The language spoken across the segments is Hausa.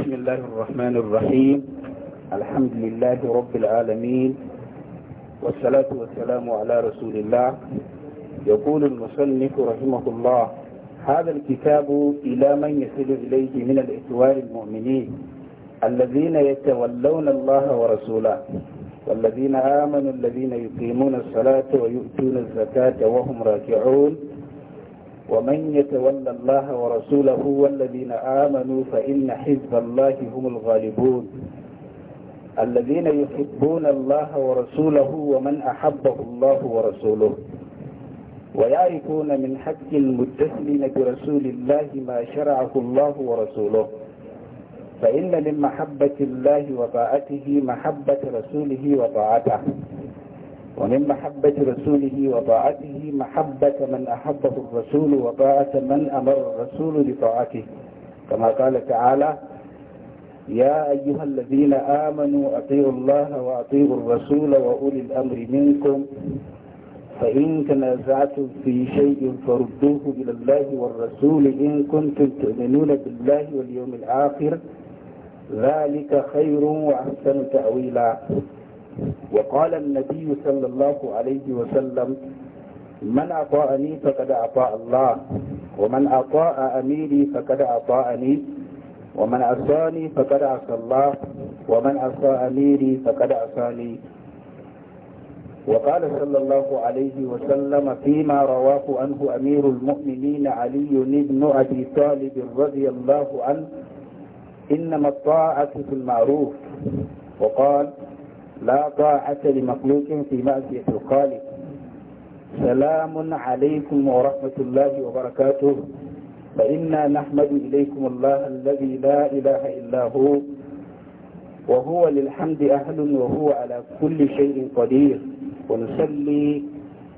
بسم الله الرحمن الرحيم الحمد لله رب العالمين والصلاة والسلام على رسول الله يقول المصنف رحمه الله هذا الكتاب إلى من يصل إليه من الإخوان المؤمنين الذين يتولون الله ورسوله والذين آمنوا الذين يقيمون الصلاة ويؤتون الزكاة وهم راكعون ومن يتولى الله ورسوله والذين آمنوا فإن حزب الله هم الغالبون الذين يحبون الله ورسوله ومن أحبه الله ورسوله ويعرفون من حق المتسلين برسول الله ما شرعه الله ورسوله فإن من محبة الله وطاعته محبة رسوله وطاعته ومن محبة رسوله وطاعته محبة من أحبه الرسول وطاعة من أمر الرسول بطاعته كما قال تعالى يا أيها الذين آمنوا أطيعوا الله وأطيعوا الرسول وأولي الأمر منكم فإن تنازعتم في شيء فردوه إلى الله والرسول إن كنتم تؤمنون بالله واليوم الآخر ذلك خير وأحسن تأويلا وقال النبي صلى الله عليه وسلم من أطاعني فقد أطاع الله ومن أطاع أميري فقد أطاعني ومن أصاني فقد أصى الله ومن أصى أميري فقد أصاني وقال صلى الله عليه وسلم فيما رواه عنه أمير المؤمنين علي بن أبي طالب رضي الله عنه إنما الطاعة في المعروف وقال لا طاعة لمخلوق في معصية الخالق سلام عليكم ورحمة الله وبركاته فإنا نحمد إليكم الله الذي لا إله إلا هو وهو للحمد أهل وهو على كل شيء قدير ونصلي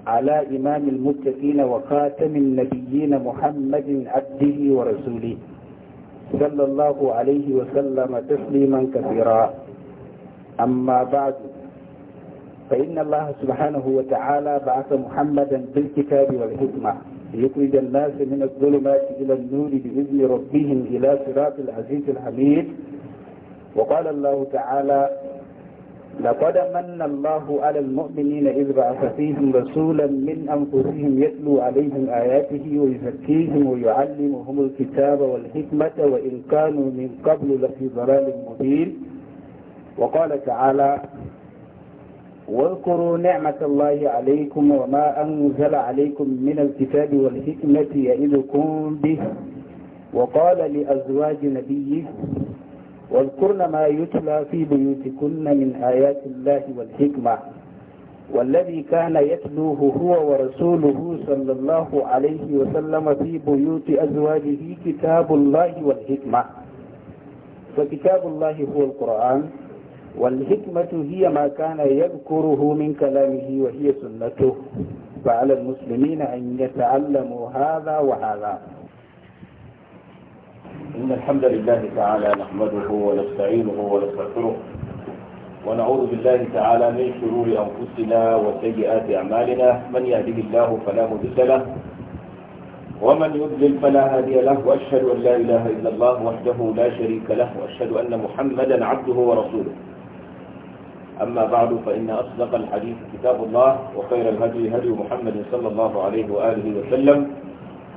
على إمام المتقين وخاتم النبيين محمد عبده ورسوله صلى الله عليه وسلم تسليما كثيرا أما بعد فإن الله سبحانه وتعالى بعث محمدا بالكتاب والحكمة ليخرج الناس من الظلمات إلى النور بإذن ربهم إلى صراط العزيز الحميد وقال الله تعالى لقد من الله على المؤمنين إذ بعث فيهم رسولا من أنفسهم يتلو عليهم آياته ويزكيهم ويعلمهم الكتاب والحكمة وإن كانوا من قبل لفي ضلال مبين وقال تعالى واذكروا نعمة الله عليكم وما أنزل عليكم من الكتاب والحكمة يئذكم به وقال لأزواج نبيه واذكرن ما يتلى في بيوتكن من آيات الله والحكمة والذي كان يتلوه هو ورسوله صلى الله عليه وسلم في بيوت أزواجه كتاب الله والحكمة فكتاب الله هو القرآن والحكمة هي ما كان يذكره من كلامه وهي سنته فعلى المسلمين أن يتعلموا هذا وهذا إن الحمد لله تعالى نحمده ونستعينه ونستغفره ونعوذ بالله تعالى من شرور أنفسنا وسيئات أعمالنا من يهده الله فلا مضل له ومن يضلل فلا هادي له وأشهد أن لا إله إلا الله وحده لا شريك له وأشهد أن محمدا عبده ورسوله أما بعد فإن أصدق الحديث كتاب الله وخير الهدي هدي محمد صلى الله عليه وآله وسلم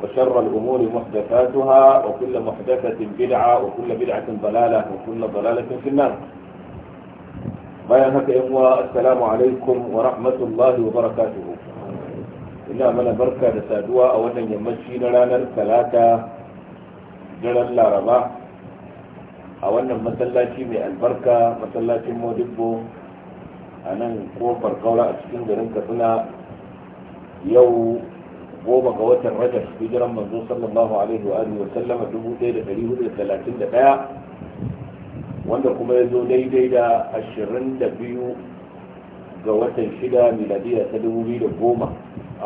وشر الأمور محدثاتها وكل محدثة بدعة وكل بدعة ضلالة وكل ضلالة في النار بيانك إخوة السلام عليكم ورحمة الله وبركاته إلا من بركة أو أن يمشي لنا الثلاثة جل الله رباه أو أن masallaci من البركة مسلاتي modibbo a nan kofar kaura a cikin garin katsina yau goma ga watan rajar hijiran manzo sallallahu alaihi wa alihi wa sallama dubu da da da talatin 1431 wanda kuma ya zo daidai da 22 ga watan shida miladiya ta 2010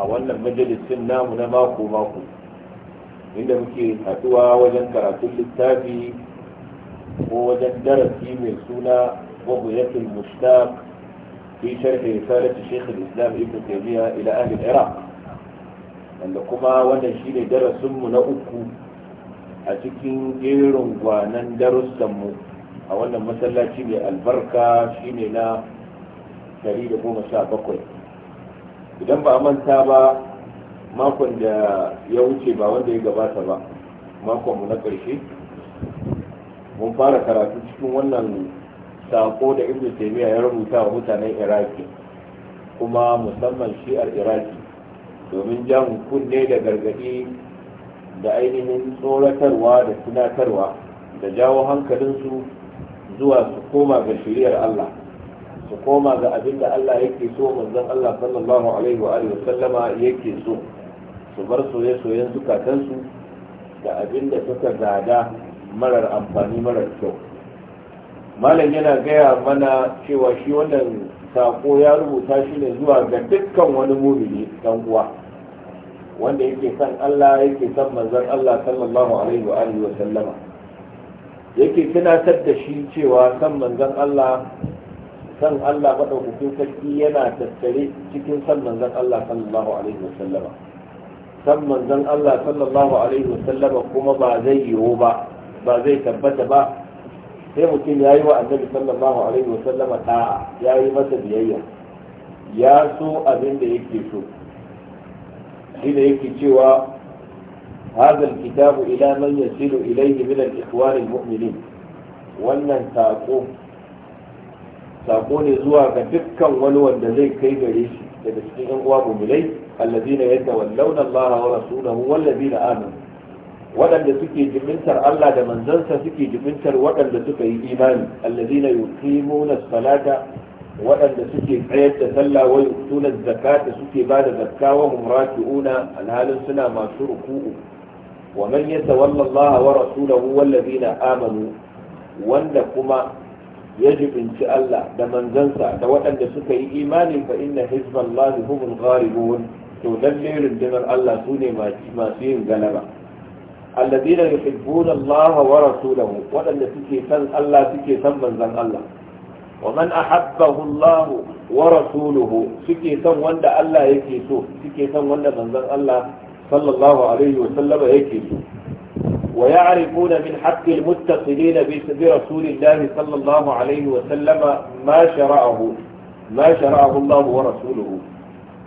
a wannan majalisin namu na mako mako inda muke haduwa wajen karatun littafi ko wajen darasi mai suna wahuyatul mushtaq في شرح رسالة شيخ الإسلام ابن تيمية إلى أهل العراق wanda kuma wannan shi ne darasinmu na uku a cikin jerin gwanan darussanmu a wannan masallaci mai albarka shi ne na 117 idan ba a manta ba makon da ya wuce ba wanda ya gabata ba makonmu na ƙarshe mun fara karatu cikin wannan sako da ibn taymiya ya rubuta wa mutanen iraki kuma musamman shi'ar iraki domin jan kunne da gargadi da ainihin tsoratarwa da tunatarwa da jawo hankalinsu zuwa su koma ga shiriyar Allah su koma ga abin da Allah yake so manzon Allah sallallahu alaihi wa alihi sallama yake so su bar soye-soyen zukatansu da abin da suka gada marar amfani marar kyau malam yana gaya mana cewa shi wannan sako ya rubuta shi ne zuwa ga dukkan wani mumini dan uwa wanda yake san Allah yake san manzon Allah sallallahu alaihi wa alihi wa sallama yake tunatar da shi cewa san manzon Allah san Allah madaukakin sarki yana tattare cikin san manzon Allah sallallahu alaihi wa sallama san manzon Allah sallallahu alaihi wa sallama kuma ba zai yiwu ba ba zai tabbata ba sai mutum ya yi wa annabi sallallahu alaihi wa sallama ta'a ya yi masa biyayya ya so abin da yake so shi da yake cewa ila man yasilu ilayhi min al-ikhwan al-mu'minin wannan sako ne zuwa ga dukkan wani wanda zai kai gare shi daga cikin yan uwa mu'minai allazina yatawallawna Allah wa rasulahu wallazina amanu waɗanda suke jimintar Allah da manzansa suke jimintar waɗanda suka yi imani allazina yuqimuna salata waɗanda suke tsayar da sallah wa yuqtuna suke ba da zakka wa hum alhalin suna masu ruku'u wa man yatawalla Allah wa rasulahu na amanu wanda kuma ya jibinci Allah da manzansa da waɗanda suka yi imani fa inna hizballahi humul gharibun to lalle rundunar Allah su ne masu yin galaba الذين يحبون الله ورسوله ولن تكي سن الله تكي سن من الله ومن أحبه الله ورسوله تكي سن وند الله يكي سو تكي سن وند من الله صلى الله عليه وسلم يكي سو ويعرفون من حق المتصلين برسول الله صلى الله عليه وسلم ما شرعه ما شرعه الله ورسوله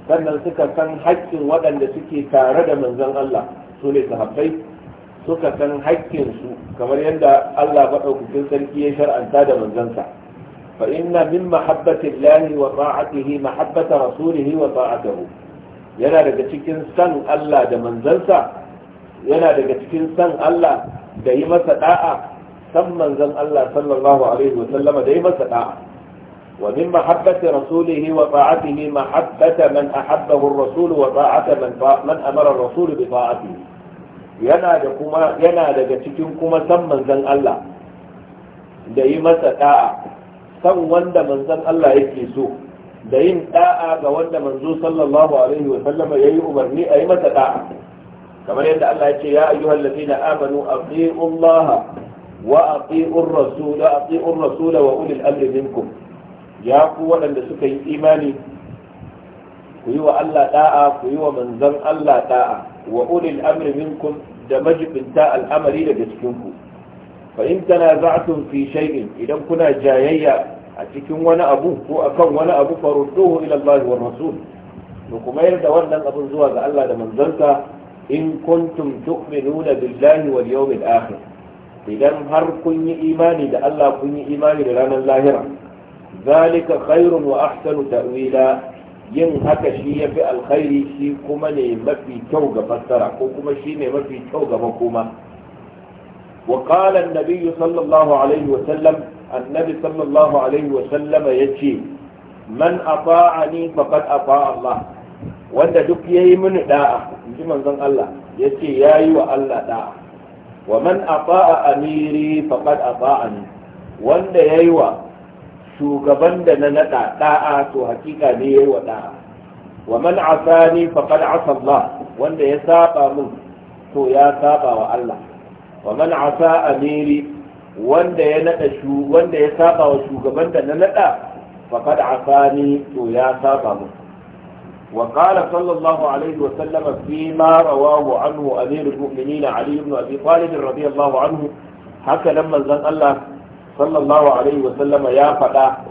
sannan suka san haƙƙin waɗanda suke tare da manzon Allah su ne sahabbai suka san haƙƙinsu kamar yadda Allah maɗaukakin sarki ya shar'anta da manzansa fa inna min mahabbatin lahi wa ta'atihi mahabbata rasulihi wa ta'atahu yana daga cikin san Allah da manzansa yana daga cikin san Allah da yi masa da'a san manzan Allah sallallahu alaihi wa sallama da yi masa da'a wa min mahabbati rasulihi wa ta'atihi mahabbata man ahabbahu ar-rasul wa ta'ata man amara ar-rasul bi ta'atihi yana da kuma yana daga cikin kuma san manzon Allah da yi masa da'a san wanda manzon Allah yake so da yin da'a ga wanda manzo sallallahu alaihi wa sallama yayi umarni a yi masa da'a kamar yadda Allah ya ce ya ayyuhal ladina amanu atiu Allah wa atiu ar-rasul wa atiu rasul wa ulil amri minkum ya ku waɗanda suka yi imani ku yi wa Allah da'a ku yi wa manzon Allah da'a wa ulil amri minkum da majibinta al'amari daga cikinku fa in tanaza'tum fi shay'in idan kuna jayayya a cikin wani abu ko akan wani abu farudduhu ila Allah wa rasul kuma yarda wannan abun zuwa ga Allah da manzanka in kuntum tu'minuna billahi wal yawmil akhir idan har kun yi imani da Allah kun yi imani da ranar lahira zalika khairun wa ahsanu ta'wila yin haka shi ya fi alkhairi shi kuma ne mafi kyau ga fassara ko kuma shi ne mafi kyau ga makoma وقال النبي صلى الله عليه وسلم النبي صلى الله عليه وسلم يجي من أطاعني فقد أطاع الله wanda duk yayi yi mini da'a in ji manzon Allah ya ce ya yi wa Allah da'a wa man ata'a amiri faqad ata'ani wanda ya yi wa shugaban da na naɗa ɗa'a to hakika ne ya yi wa ɗa'a wa man asani faqad asa Allah wanda ya saba mun to ya saba wa Allah wa man asa amiri wanda ya naɗa shu wanda ya saba wa shugaban da na naɗa faqad asani to ya saba mun. wa qala sallallahu alaihi wa sallam fi ma rawahu anhu amirul mu'minin ali ibn abi talib radiyallahu anhu haka nan manzon Allah sallallahu alaihi wa sallama ya faɗa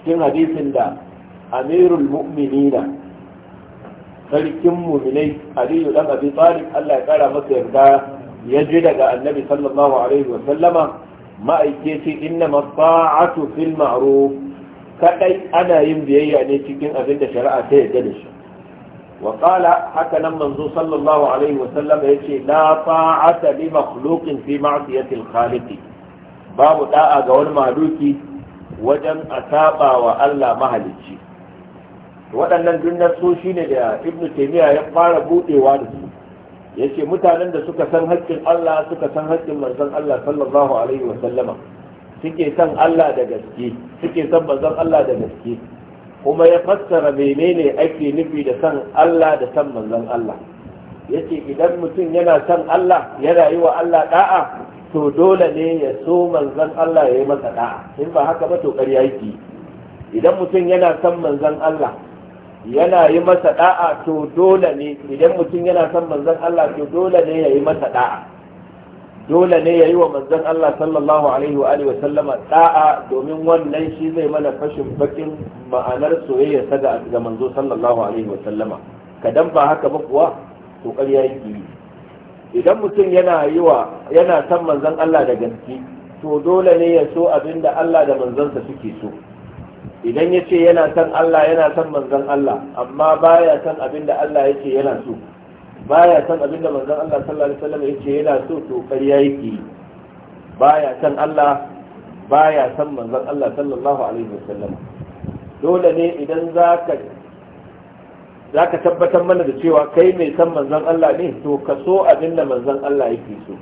cikin hadisin da amirul mu'minina sarkin mu'minai aliyu dan abi talib Allah ya kara masa yarda ya ji daga annabi sallallahu alaihi wa sallama ma'aike ce inna masa'atu fil ma'ruf kadai ana yin biyayya ne cikin abin da shari'a ta yarda da shi وقال حتى لما منذ صلى الله عليه وسلم يقول لا طاعة لمخلوق في معصية الخالق babu da'a ga wani maluki wajen a saba wa Allah mahalicci waɗannan dunnar shi ne da ibn taimiyya ya fara buɗewa da su ya ce mutanen da suka san haƙƙin Allah suka san haƙƙin manzon Allah sallallahu alaihi wa sallama suke san Allah da gaske suke san manzon Allah da gaske kuma ya fassara menene ake nufi da san Allah da san manzon Allah yace idan mutum yana san Allah yana yi wa Allah da'a to dole ne ya so manzan Allah ya yi masa da'a in ba haka ba to ƙarya yake idan mutum yana son manzan Allah yana yi masa da'a to dole ne idan mutum yana son manzan Allah to dole ne ya yi masa da'a dole ne ya yi wa manzan Allah sallallahu alaihi wa alihi wa sallama da'a domin wannan shi zai mana fashin bakin ma'anar soyayya ta ga manzo sallallahu alaihi wa sallama kadan ba haka ba kuwa to ƙarya yake idan mutum yana yi wa yana san manzan Allah da gaske to dole ne ya so abin da Allah da manzansa suke so idan ya ce yana san Allah yana san manzan Allah amma baya san abin da Allah ya ce yana so baya san abin da manzan Allah sallallahu alaihi wasallam ya ce yana so to ƙarya yake baya san Allah baya san manzan Allah sallallahu alaihi wasallam dole ne idan zaka za ka tabbatar mana da cewa kai mai san Manzan Allah ne to ka so abin da manzan Allah yake so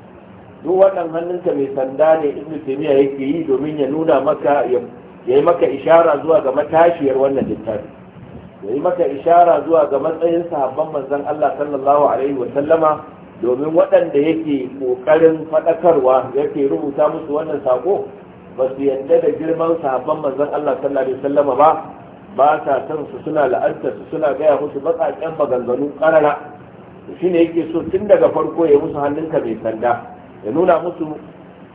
duk wannan hannunka mai sanda ne ibnu taymiya yake yi domin ya nuna maka ya yi maka ishara zuwa ga matashiyar wannan littafi ya yi maka ishara zuwa ga matsayin sahabban Manzan Allah sallallahu alaihi wa sallama domin waɗanda yake ƙoƙarin faɗakarwa yake rubuta musu wannan sako ba su yadda da girman sahabban Manzan Allah sallallahu alaihi wa sallama ba ba ta san su suna la'antar su suna gaya musu baƙaƙen maganganu karara shi ne yake so tun daga farko ya musu hannunka mai sanda ya nuna musu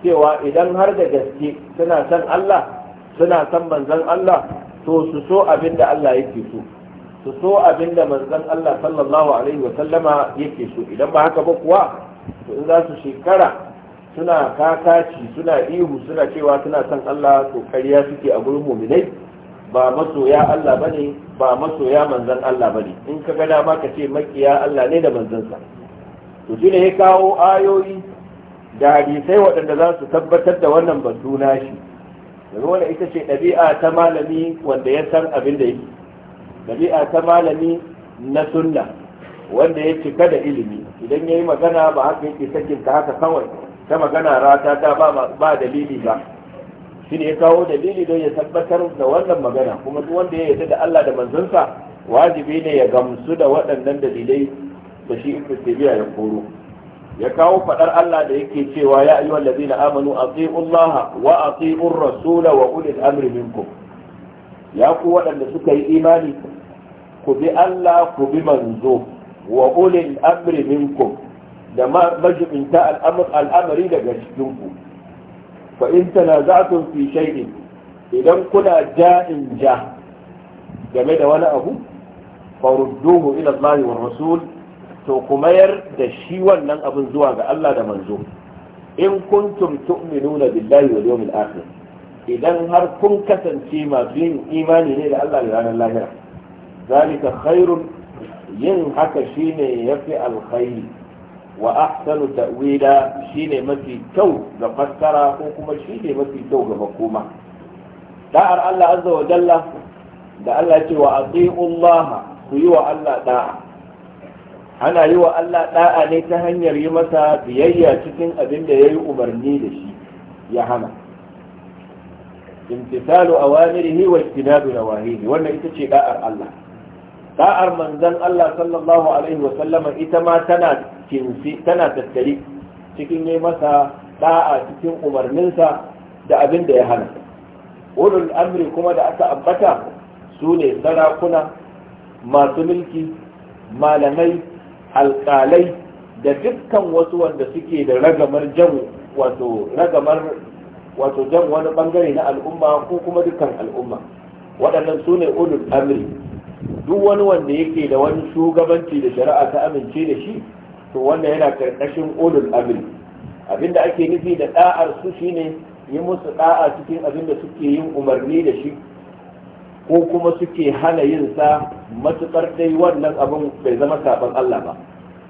cewa idan har da gaske suna san Allah suna san manzon Allah to su so abin da Allah yake so su so abin da manzon Allah sallallahu alaihi wa sallama yake so idan ba haka ba kuwa to in za su shekara suna kakaci suna ihu suna cewa suna san Allah to kariya suke a gurin muminai ba masoya Allah bane ba masoya manzan Allah bane in ka gada dama ka ce makiya Allah ne da manzansa to shi ne ya kawo ayoyi da hadisai waɗanda za su tabbatar da wannan batu shi. daga wanda ita ce ɗabi'a ta malami wanda ya san abin da yake ɗabi'a ta malami na sunna wanda ya cika da ilimi idan ya yi magana ba haka yake sakin ta haka kawai ta magana rata ta ba dalili ba shi ne ya kawo dalili don ya tabbatar da wannan magana kuma duk wanda ya yarda da Allah da manzonsa? wajibi ne ya gamsu da waɗannan dalilai da shi ibn tabiya ya koro ya kawo fadar Allah da yake cewa ya ayyuhal ladina amanu atiiu Allah wa atiiu rasula wa ulil amri minkum ya ku waɗanda suka yi imani ku bi Allah ku bi manzo wa ulil amri minkum da majibinta al'amari daga cikinku fa in tanaza'tum fi shay'in idan kuna ja'in ja game da wani abu farudduhu ila Allah wa rasul to kuma yar da shi wannan abin zuwa ga Allah da manzo in kuntum tu'minuna billahi wal yawmil akhir idan har kun kasance masu yin imani ne da Allah da ranar lahira zalika khairun yin haka shine yafi alkhairi wa ahsanu ta'wila shine mafi kyau ga fassara ko kuma shine mafi kyau ga makoma da'ar Allah azza wa jalla da Allah ce wa ati'u Allah ku yi wa Allah da'a ana yi wa Allah da'a ne ta hanyar yi masa biyayya cikin abin da yayi umarni da shi ya hana imtisalu awamirihi wa ijtinabu nawahihi wannan ita ce da'ar Allah Sa'ar manzan Allah sallallahu alaihi wa sallama ita ma tana kinsi tana tattare cikin yi masa da'a cikin umarninsa da abin da ya hana ulul amri kuma da aka ambata su ne sarakuna masu mulki malamai alƙalai da dukkan wasu wanda suke da ragamar jan wato ragamar wato jan wani bangare na al'umma ko kuma dukkan al'umma waɗannan su ne ulul amri duk wani wanda yake da wani shugabanci da shari'a ta amince da shi to wanda yana karkashin ulul amri abinda ake nufi da da'ar su shine yi musu da'a cikin abinda suke yin umarni da shi ko kuma suke hana yin sa matukar dai wannan abin bai zama saban Allah ba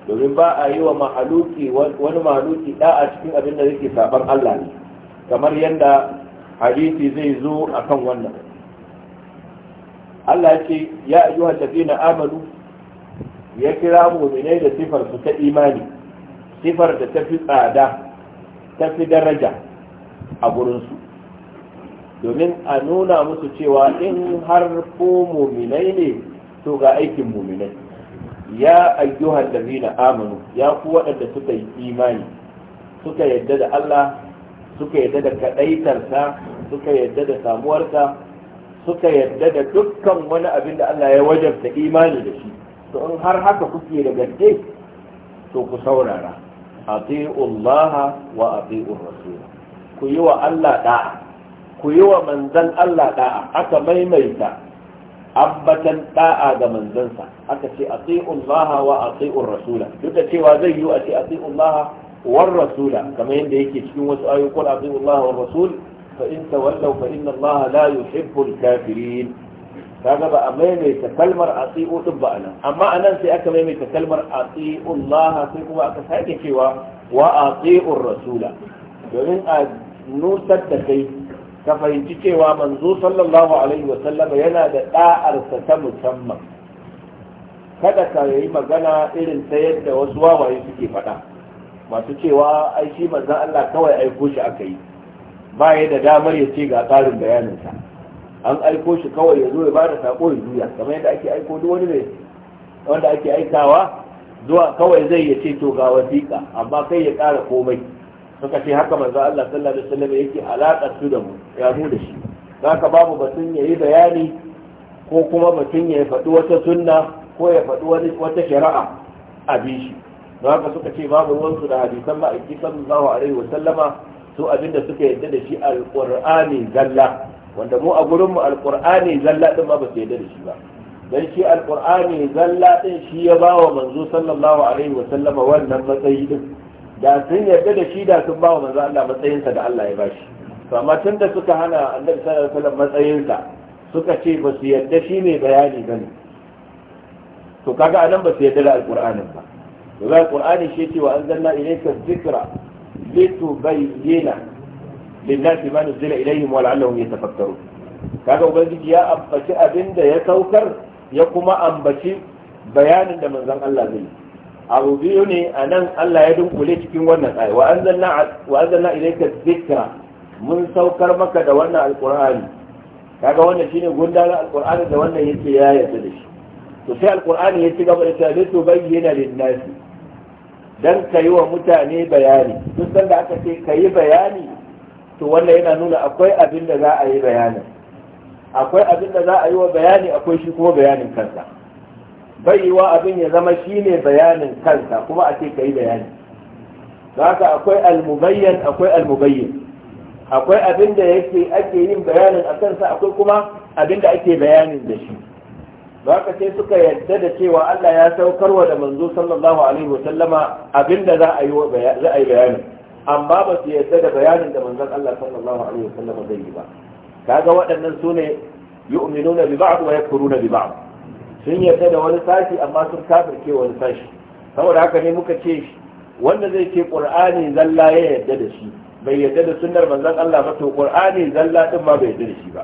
domin ba a yi wa mahaluki wani mahaluki da'a cikin abinda yake saban Allah ne kamar yadda hadisi zai zo akan wannan Allah ya ce ya ayyuhal ladina amanu ya kira mu'minai da sifar su ta imani sifar da ta fi tsada ta fi daraja a gurinsu domin a nuna musu cewa in har ko mu'minai ne to ga aikin mu'minai ya ayyuhal ladina amanu ya ku waɗanda suka yi imani suka yadda da Allah suka yadda da kadaitarsa suka yadda da samuwarsa suka yadda da dukkan wani abin da Allah ya wajabta imani da shi to in har haka kuke da gaske to ku saurara Allah wa ati'ur rasul ku yi wa Allah da'a ku yi wa manzan Allah da'a aka maimaita abbatan da'a ga manzansa aka ce Allah wa ati'ur rasul duk da cewa zai yi a ce Allah wa rasula kamar yadda yake cikin wasu ayoyi qul Allah wa rasul فإن تولوا فإن الله لا يحب الكافرين kaga ba a maimaita kalmar ati'u din ba anan amma anan sai aka maimaita kalmar ati'u Allah sai kuma aka sake cewa wa ati'u rasula domin a nusar da kai ka fahimci cewa manzo sallallahu alaihi wa sallama yana da ɗa'arsa ta musamman kada ka yi magana irin ta yadda wasu wawaye suke faɗa masu cewa ai shi manzon Allah kawai aiko shi aka yi ba ya da damar ya ce ga tsarin bayaninsa an aiko shi kawai ya zo ya bada sako ya juya kamar yadda ake aiko duk wani ne wanda ake aikawa zuwa kawai zai ya ce to ga wasiƙa amma kai ya ƙara komai suka ce haka manzo Allah sallallahu alaihi wasallam yake alaƙar su da mu ya mu da shi zaka babu batun yayi bayani ko kuma batun ya faɗi wata sunna ko ya faɗi wata shari'a a bishi don haka suka ce babu ruwansu da hadisan ma'aiki sallallahu alaihi wasallama su abinda suka yadda da shi alqur'ani zalla wanda mu a gurin mu alqur'ani zalla din ma ba su yadda da shi ba dan shi alqur'ani zalla din shi ya ba wa manzo sallallahu alaihi wa sallama wannan matsayi din da sun yadda da shi da sun ba wa manzo Allah matsayinsa da Allah ya bashi to amma tunda suka hana annabi sallallahu alaihi wa sallam matsayinsa suka ce ba su yadda shi ne bayani bane to kaga anan ba su yadda da alqur'anin ba to ga alqur'ani shi ce wa anzalna ilayka dhikra لتبين للناس ما نزل إليهم ولعلهم يتفكرون kaga ubangiji ya ambaci abin da ya saukar ya kuma ambaci bayanin da manzon Allah zai yi abu biyu ne a nan Allah ya dunkule cikin wannan wa mun saukar maka da wannan alqur'ani kaga wannan shine gundarin da wannan yake ya yarda da shi ta to bayyana dan ka yi wa mutane bayani duk sanda aka ce ka yi bayani to wannan yana nuna akwai abin da za a yi bayanin akwai abin da za a yi wa bayani akwai shi kuma bayanin kansa bai yiwa abin ya zama shi ne bayanin kansa kuma a ce ka yi bayani haka akwai almubayyan akwai almubayyan. akwai abin da yake ake yin bayanin a kansa akwai kuma abin da ake bayanin da shi ba ka sai suka yadda da cewa Allah ya saukar wa da manzo sallallahu alaihi wasallama abinda za a yi za a yi bayani amma ba su yadda da bayanin da manzon Allah sallallahu alaihi wasallama zai yi ba kaga waɗannan su ne yu'minuna bi ba'd wa yakfuruna bi ba'd sun yadda da wani sashi amma sun kafirce wani sashi saboda haka ne muka ce wanda zai ce qur'ani zalla ya yadda da shi bai yadda da sunnar manzon Allah ba to qur'ani zalla din ma bai yadda da shi ba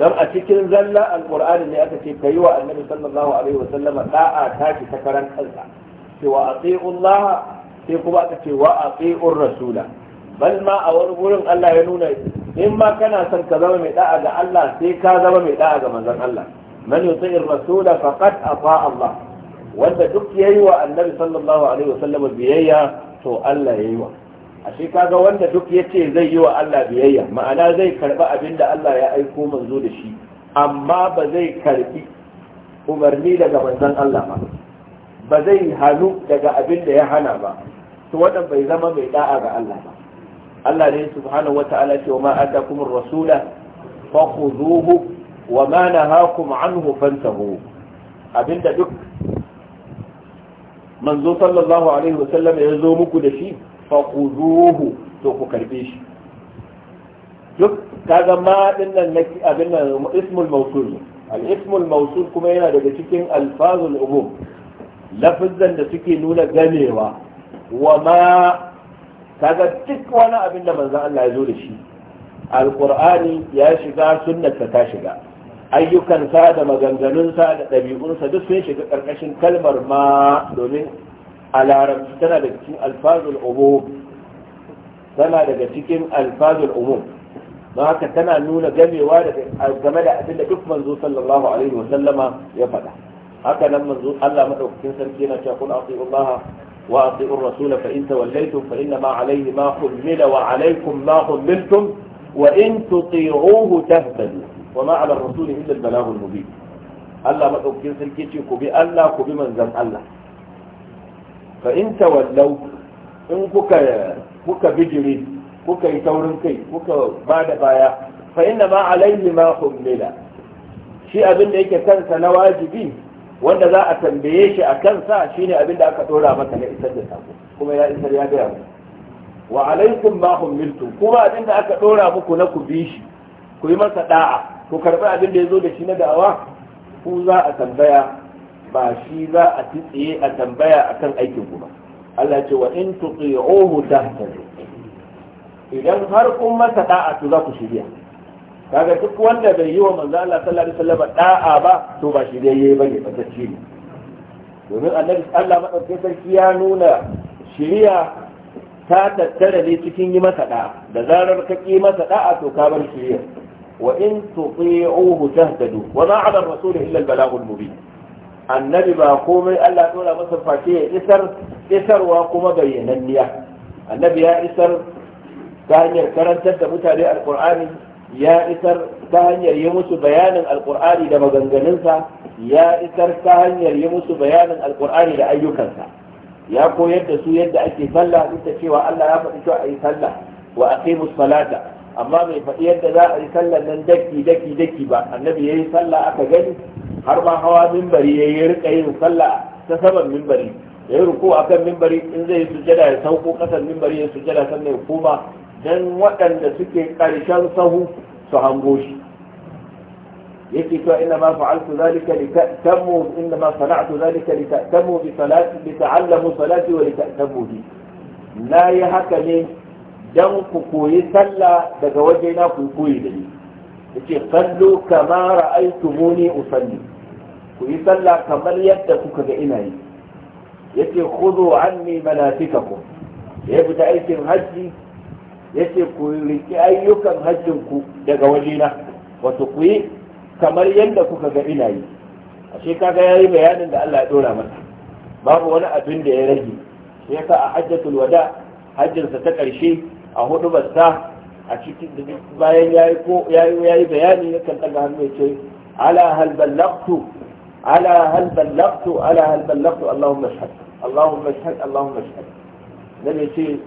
don a cikin zalla alƙur'ani ne aka ce ka yi wa annabi sallallahu alaihi wa sallama da'a ta ki ta karan kansa cewa sai kuma aka ce wa a rasula bal ma a wani gurin Allah ya nuna in ma kana son ka zama mai da'a ga Allah sai ka zama mai da'a ga manzon Allah man yuti rasula faqad afa Allah wanda duk yayi wa annabi sallallahu alaihi wa sallama biyayya to Allah yayi wa ashe kaga wanda duk yace zai yi wa Allah biyayya ma'ana zai karba abinda Allah ya aiko manzo da shi amma ba zai karbi umarni daga manzon Allah ba ba zai hannu daga abinda ya hana ba to wannan bai zama mai da'a ga Allah ba Allah ne subhanahu wata'ala ce ma atakumur rasula fakhuduhu wa ma nahakum anhu fantahu abinda duk manzo sallallahu alaihi wasallam ya zo muku da shi faquduhu to ku karɓe shi duk ta ma din nan abin nan ismul mawsul al-ismul kuma yana daga cikin alfazul umum lafizan da suke nuna gamewa wa ma kaga duk wani abin da manzon Allah ya zo da shi alqur'ani ya shiga sunnarsa ta shiga ayyukansa da maganganunsa da ɗabi'unsa duk sun shiga ƙarƙashin kalmar ma domin a larabci tana daga cikin alfazul umum tana daga cikin alfazul umum don haka tana nuna gamewa game da abin da duk manzo sallallahu alaihi wa sallama ya faɗa haka nan manzo Allah madaukakin sarki yana cewa kun atiyu Allah wa atiyu Rasul fa in tawallaytum fa inna ma alayhi ma hummila wa alaykum ma hummiltum wa in tuti'uhu tahtadu wa ma ala ar-rasul illa al-balagh al-mubin Allah madaukakin sarki ce ku bi Allah ku bi manzon Allah fa in tawallau in kuka kuka bijire kuka yi taurin kai kuka ba da baya fa inna ma alayhi ma hummila shi abin da yake kansa na wajibi wanda za a tambaye shi a kansa shine abin da aka dora maka na isar da sako kuma ya isar ya gaya wa alaikum ma hummiltu kuma abin da aka dora muku na ku bi shi ku yi masa da'a ku karbi abin da ya zo da shi na da'awa ku za a tambaya ba shi za a tsaye a tambaya akan aikin ku ba Allah ce wa in tuti'uhu tahtadu idan har kun masa da'a to za ku shirya kaga duk wanda bai yi wa manzo Allah sallallahu alaihi wasallam da'a ba to ba shi shiryayye bane fatacce ne domin annabi Allah madaukakin sarki ya nuna shiriya ta tattara ne cikin yi masa da'a da zarar ka ki masa da'a to ka bar shirya. wa in tuti'uhu tahtadu wa ma 'ala ar-rasul illa al-balagh al-mubin annabi ba komai Allah tura masa face ya isar isarwa kuma bayyananniya annabi ya isar ta hanyar karantar da mutane alkur'ani ya isar ta hanyar yi musu bayanin alkur'ani da maganganunsa ya isar ta hanyar yi musu bayanin alkur'ani da ayyukansa ya koyar da su yadda ake sallah duk da cewa Allah ya faɗi cewa a yi sallah wa aqimus salata amma bai faɗi yadda za a yi sallah nan daki daki daki ba annabi ya yi sallah aka gani har ma hawa mimbari ya yi rika yin sallah ta saman mimbari ya yi ruku a kan mimbari in zai sujada ya sauko kasan mimbari ya sujada sannan ya koma don waɗanda suke ƙarshen sahu su hango shi yake cewa inna ma fa'altu zalika li ta'tamu inna ma sana'tu zalika li ta'tamu bi salati bi ta'allamu salati wa li ta'tamu bi na yi haka ne don ku koyi sallah daga waje na ku koyi da ni yace sallu kama ra'aytumuni usalli ku yi sallah kamar yadda kuka ga ina yi yace khudhu anni manasikakum ya bi fita aikin hajji yace ku riki ayyukan hajjin ku daga na. wato ku yi kamar yadda kuka ga ina yi ashe kaga yayi bayanin da Allah ya dora masa babu wani abin da ya rage sai ka a hajjatul wada hajjinsa ta karshe a hudu basta a cikin da bayan ya yi bayani ya kan daga hannu ya ce ala hal ballaqtu ala hal ballaqtu ala hal ballaqtu allahumma shahad allahumma shahad allahumma shahad dan ya ce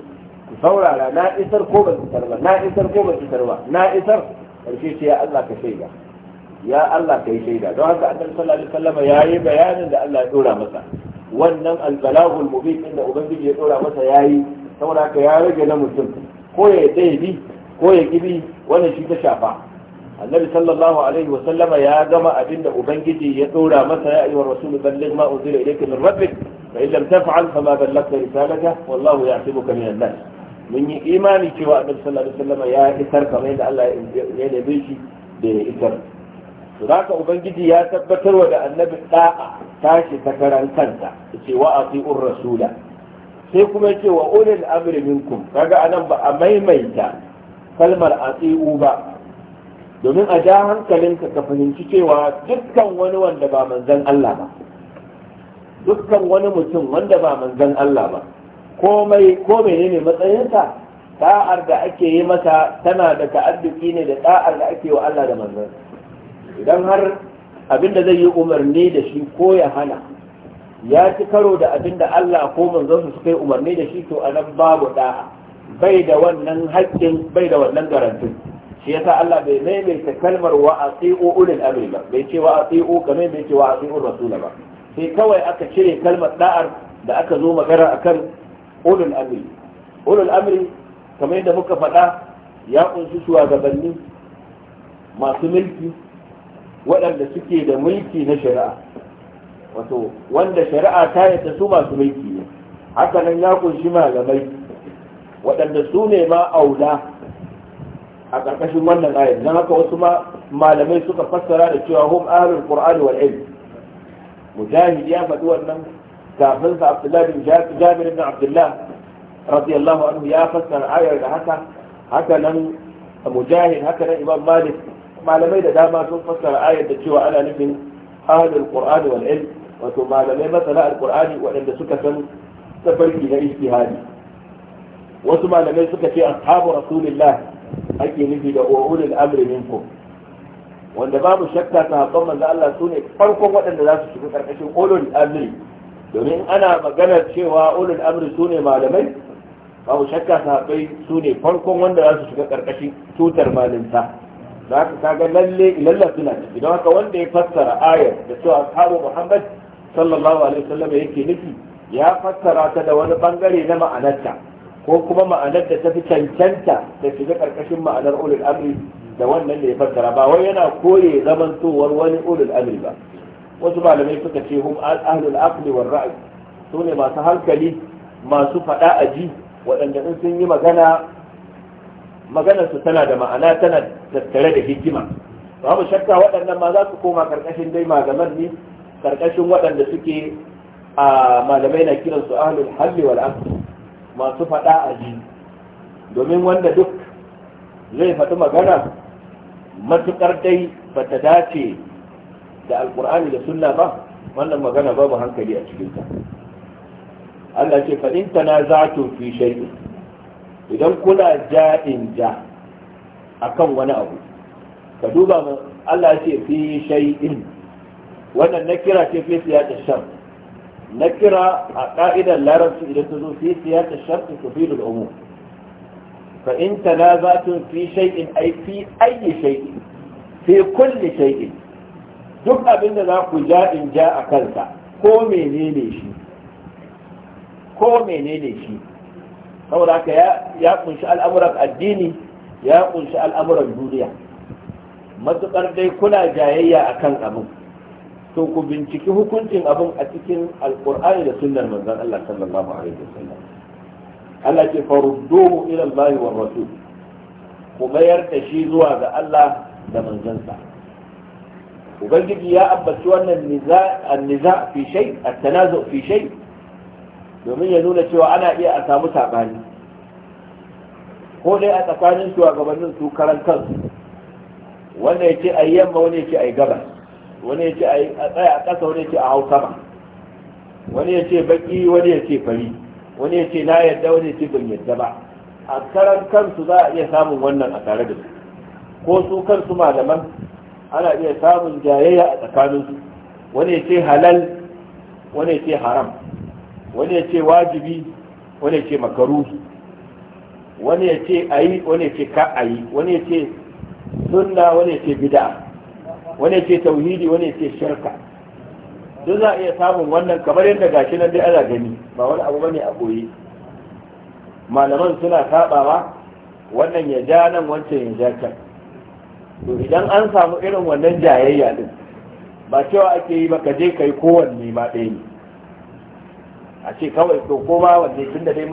ku saurara na isar ko ban isar ba na isar ko ban isar ba na isar karshe ce ya Allah ka shaida ya Allah ka yi shaida don haka annabi sallallahu alaihi wasallam ya yi bayanin da Allah ya dora masa wannan albalagul mubin inda ubangiji ya dora masa yayi saboda haka ya rage na mutum ko ya dai bi ko ya gibi wannan shi ta shafa annabi sallallahu alaihi wa sallama ya gama abinda ubangiji ya dora masa ya ayyuhar rasul balligh ma unzila ilayka min rabbik fa in lam taf'al fama ballaghta risalata wallahu ya'tibuka min an-nas mun yi imani cewa annabi sallallahu alaihi wa sallama ya isar kamar yadda Allah ya nabe shi da ya isar to haka ubangiji ya tabbatar wa da annabi da'a tashi ta karan kanta yace wa atiur rasula sai kuma ce wa ulil amri minkum kaga anan ba a maimaita kalmar ati'u ba domin a ja hankalinka ka fahimci cewa dukkan wani wanda ba manzan Allah ba dukkan wani mutum wanda ba manzan Allah ba komai ko menene matsayinsa da'ar da ake yi masa tana da ta'adduki ne da da'ar da ake wa Allah da manzan idan har abinda zai yi umarni da shi ko ya hana ya ci karo da abinda Allah ko manzansu suka yi umarni da shi to a nan babu da'a bai da wannan haƙƙin bai da wannan garantin shi yasa Allah bai maimaita kalmar wa asi'u ulil amri ba bai ce wa asi'u kamar bai ce wa asi'u rasula ba sai kawai aka cire kalmar da'ar da aka zo magana akan ulul amri ulul amri kamar yadda muka faɗa ya kunshi shugabanni masu mulki waɗanda suke da mulki na shari'a wato wanda shari'a ta yadda su masu mulki ne haka nan ya kunshi malamai waɗanda su ne ma aula a ƙarƙashin wannan ayat don haka wasu ma malamai suka fassara da cewa hum ahlul qur'ani wal ilm mujahid ya faɗi wannan kafin sa abdullahi bin jabir bin abdullah radiyallahu anhu ya fassara ayar da haka haka nan mujahid haka nan imam malik malamai da dama sun fassara ayar da cewa ana nufin ahlul qur'ani wal ilm wato malamai masana alqur'ani waɗanda suka san tafarki na ijtihadi wasu malamai suka ce ashabu rasulillah ake nufi da ulul amri minkum wanda babu shakka sahabban manzo Allah sune farkon waɗanda za su shiga karkashin ulul amri domin ana magana cewa ulul amri sune malamai babu shakka sahabbai su sune farkon wanda za su shiga karkashin tutar malinta za ka kaga lalle ilalla suna ciki don haka wanda ya fassara ayar da cewa ashabu muhammad sallallahu alaihi wasallam yake nufi ya fassara ta da wani bangare na ma'anarta ko kuma ma'anar da tafi cancanta da shiga karkashin ma'anar ulul amri da wannan da ya fassara ba wai yana koye zamantowar wani ulul amri ba wasu malamai suka ce hum ahlul aqli war ra'i su ne masu hankali masu faɗa a ji waɗanda in sun yi magana maganar su tana da ma'ana tana tattare da hikima babu shakka waɗannan ma za su koma karkashin dai malaman ne karkashin waɗanda suke a malamai na kiransu ahlul halli wal aqli masu faɗa a ji domin wanda duk zai faɗi magana matuƙar dai bata dace da alƙur'ani da sunna ba wannan magana babu hankali a cikinta Allah ce faɗin ta na zatun fi shaiɗi idan kuna jaɗin ja a kan wani abu ka duba Allah ce fi shaiɗin wannan na kira ce fi siya da shan na kira a ka'idar larabci idan ta zo fi siyasa sharti su fi umum fa in tanazatun fi shay'in ay fi ayyi shay'in fi kulli shay'in duk abinda za ku ja in ja a kansa ko menene shi ko menene shi saboda haka ya kunshi al'amuran addini ya kunshi al'amuran duniya matukar dai kuna jayayya akan abin to ku binciki hukuncin abin a cikin alkur'ani da sunnar manzon Allah sallallahu alaihi sallam. Allah ce farudduhu ila Allah wa rasul ku mayar da shi zuwa ga Allah da sa. ubangiji ya abbaci wannan niza fi shay at-tanazu fi shay domin ya nuna cewa ana iya a samu sabani ko dai a tsakanin shugabannin su karan kansu wanda ya ce a yamma wani ya ce a gabas wani ya ce a tsaya a ƙasa wani ya ce a hau sama wani ya ce baki wani ya ce fari wani ya ce na yadda wani ya ce ban yadda ba a karan kansu za a iya samun wannan a tare da su ko su kansu malaman ana iya samun jayayya a tsakaninsu wani ya ce halal wani ya ce haram wani ya ce wajibi wani ya ce makaru wani ya ce ayi wani ya ce ka ayi wani ya ce sunna wani ya ce bid'a wani ce tauhidi wani ce shirka duk za a iya samun wannan kamar yadda gashi nan dai ana gani ba wani abu bane a boye malaman suna sabawa wannan ya ja nan wancan ya ja can to idan an samu irin wannan jayayya din ba cewa ake yi ka je kai kowanne ma ɗaya ne a ce kawai to ko ma wanne tunda dai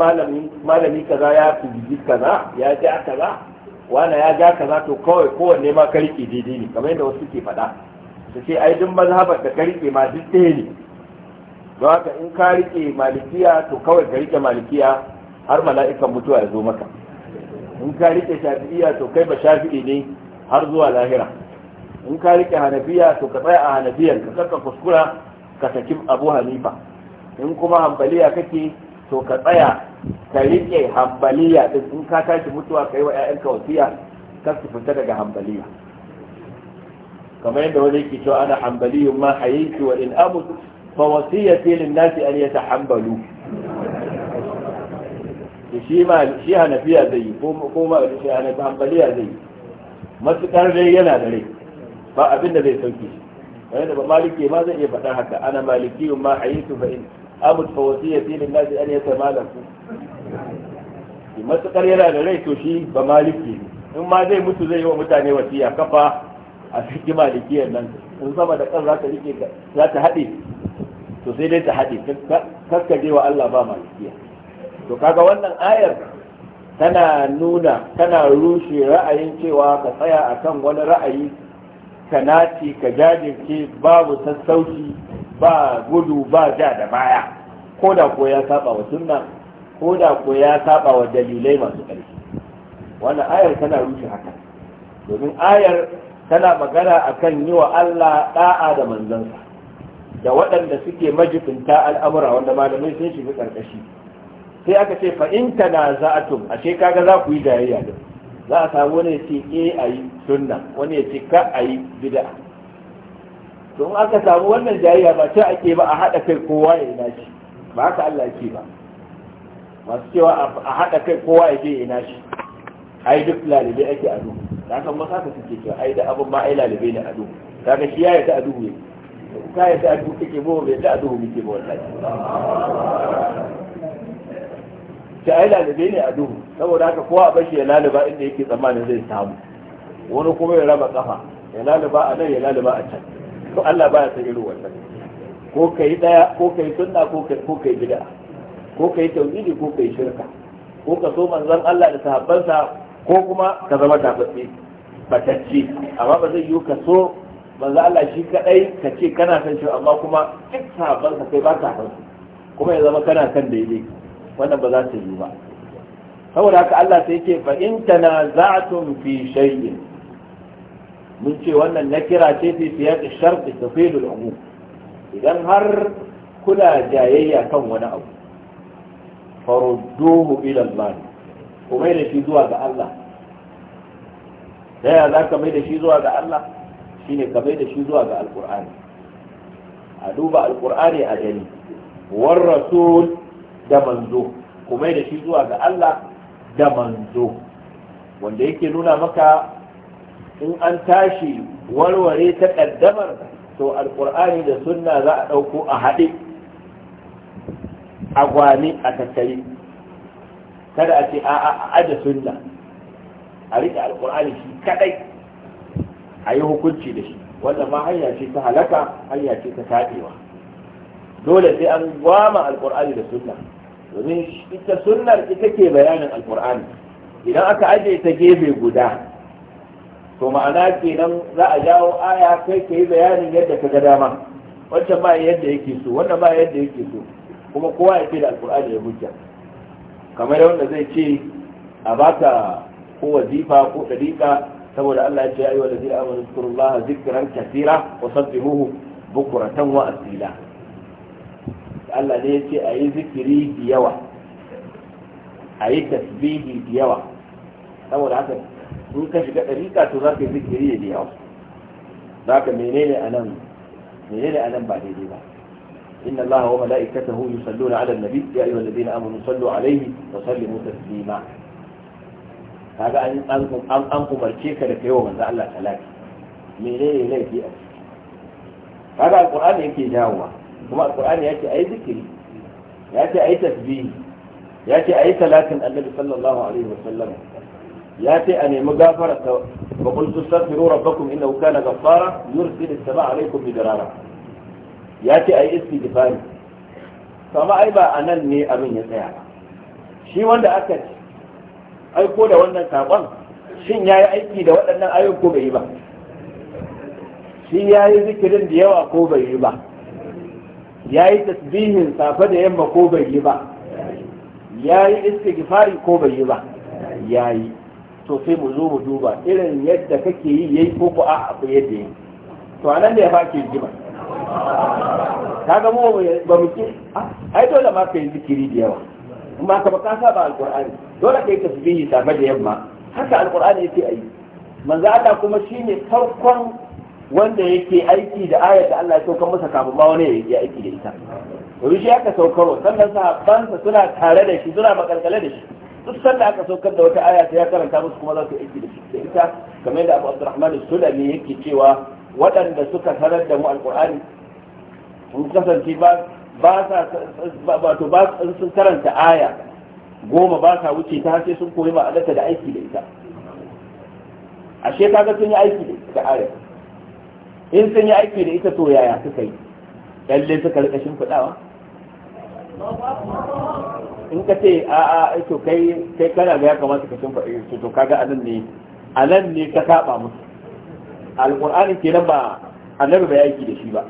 malami kaza ya fi kaza ya ja kaza wani ya ja za to kawai kowanne ma karike daidai ne kamar yadda wasu ke faɗa su ce ai duk mazhabar da karike ma duk ɗaya ne don haka in ka rike malikiya to kawai ka rike malikiya har mala'ikan mutuwa ya zo maka in ka rike shafi'iya to kai ba shafi'i ne har zuwa lahira in ka rike hanafiya to ka tsaya a hanafiyar ka kakka kuskura ka saki abu hanifa in kuma hanbaliya kake to ka tsaya ka rike hambaliya din in ka tashi mutuwa kai wa ƴaƴanka wasiya kar su fita daga hambaliya kamar yadda wani yake cewa ana hambaliyun ma hayyitu wa in amut fa wasiyati lin nasi an yatahambalu shi ma shi hanafiya zai yi ko ma shi hanafiya hambaliya zai yi matukar dai yana da rai ba abin da zai sauke shi wani da ba maliki ma zai iya faɗa haka ana maliki ma hayyitu fa in Abu amul fawasiya fi lin nasi an yatamalaku shi matukar yana da rai to shi ba maliki in ma zai mutu zai yi wa mutane wasiya kafa a cikin malikiyar nan in sama da kan za ta haɗe to sai dai ta haɗe kakkaje wa Allah ba malikiya to kaga wannan ayar tana nuna tana rushe ra'ayin cewa ka tsaya akan wani ra'ayi ka naci ka jajirce babu sassauci ba gudu ba ja da baya ko da ko ya saba wa sunna ko da ko ya saba wa dalilai masu ƙarfi wannan ayar tana rushe haka domin ayar tana magana akan yi wa Allah da'a da manzansa da waɗanda suke majibinta al'amura wanda malamai sun shiga ƙarƙashi sai aka ce fa'inta na a ashe kaga za ku yi jayayya din za a samu wani ya ce eh, a yi sunna wani ya ce ka a yi bida don aka samu wannan jayayya ba ta ake ba a haɗa kai kowa ya ina shi ba haka Allah yake ba masu cewa a haɗa kai kowa ya je ina shi ai duk lalibai ake a duhu, da kan masa ka suke cewa ai da abin ma ai lalibai ne a duhu kaga shi ya a duhu ne ka a duhu kake bo bai a duhu muke ba wallahi ta ai lalibai ne a duhu saboda haka kowa a bashi ya laliba inda yake tsammanin zai samu wani kuma ya raba kafa ya laliba a nan ya laliba a can to Allah ba ya san irin wannan ko kai daya ko kai sunna ko kai ko kai bid'a ko kai tauhidi ko kai shirka ko ka so manzon Allah da sahabbansa ko kuma ka zama ta batacci amma ba zai yi ka so manzon Allah shi kadai ka ce kana san shi amma kuma duk sahabbansa kai ba ka san kuma ya zama kana san daidai wannan ba za ta yiwu ba saboda haka Allah sai yake fa in tanaza'tum fi shay'in mun ce wannan na kira ce fi siyaqi sharti tufidu al-umum idan har kula jayayya kan wani abu farudduhu ila Allah ku mai da shi zuwa ga Allah da za ka mai da shi zuwa ga Allah shine ka mai da shi zuwa ga alqur'ani a duba alqur'ani a gani war rasul da manzo ku mai da shi zuwa ga Allah da manzo wanda yake nuna maka in an tashi warware ta ƙaddamar to alƙur'ani da sunna za a ɗauko a haɗe a gwani a tattare kada a ce a aje sunna a riƙe alƙur'ani shi kaɗai a yi hukunci da shi wannan ma hanya ce ta halaka hanya ce ta taɗewa dole sai an gwama alƙur'ani da sunna domin ita sunnar ita ke bayanin alƙur'ani idan aka aje ta gefe guda to ma'ana kenan za a jawo aya kai ka bayanin yadda ka ga dama wancan ba yadda yake so wannan ba yadda yake so kuma kowa ya ce da alkur'ani ya hujja kamar wanda zai ce a baka ko wazifa ko dariƙa saboda Allah ya ce ayyuha allazina amanu zkurullaha zikran kathira wa sabbihuhu bukratan wa asila Allah ne ya ce a yi zikiri da yawa a yi tasbihi da yawa saboda haka in ka shiga ɗariƙa to za ka yi zikiri da yawa za ka menene a nan menene a nan ba daidai ba إن الله وملائكته يصلون على النبي يا أيها الذين آمنوا صلوا عليه وسلموا تسليما هذا أن أنكم أنكم أرشيك لك يوم أن الله سلاك menene laifi a ciki kaga alqur'ani yake jawowa kuma alqur'ani yace ayi zikiri yace ayi tasbihi yace ayi salatin annabi sallallahu alaihi wasallam ya ce a nemi gafara ta ba kun tustaghfiru rabbakum innahu kana da yursilu as a laikun bidirara ya ce a yi da fari. kama ai ba a nan ne abin ya tsaya shi wanda aka aiko da wannan sakon shin yi aiki da waɗannan ayoyin ko bai yi ba shi yi zikirin da yawa ko bai yi ba Ya yi tasbihin safe da yamma ko bai yi ba Ya yi da fari ko bai yi ba Ya yi. to sai mu zo mu duba irin yadda kake yi yayi ko ko a abu yadda yi to anan da ya fa jima kaga mu ba mu ki ai dole ma kai zikiri da yawa in ba ka ba ka saba alqur'ani dole kai tasbihi safe da yamma haka alqur'ani yake ayi manzo Allah kuma shine farkon wanda yake aiki da ayatu Allah ya saukar masa kafin ma wani ya aiki da ita to shi aka saukarwa sannan sahabbansa suna tare da shi suna makalkale da shi duk sanda aka saukar da wata aya ta ya karanta musu kuma za su aiki da shi ita kamar da Abu Abdurrahman Sulami yake cewa waɗanda suka sanar da mu alqur'ani sun kasance ba ba sa wato ba sun karanta aya goma ba sa wuce ta sai sun koyi ba alaka da aiki da ita ashe kaga sun yi aiki da ita aya in sun yi aiki da ita to yaya suka yi lalle suka rika shimfiɗawa in ka ce a a to kai kai kana ga ya kamata ka tun faɗi to kaga anan ne anan ne ka saba musu alqur'ani kenan ba annabi ba ya aiki da shi ba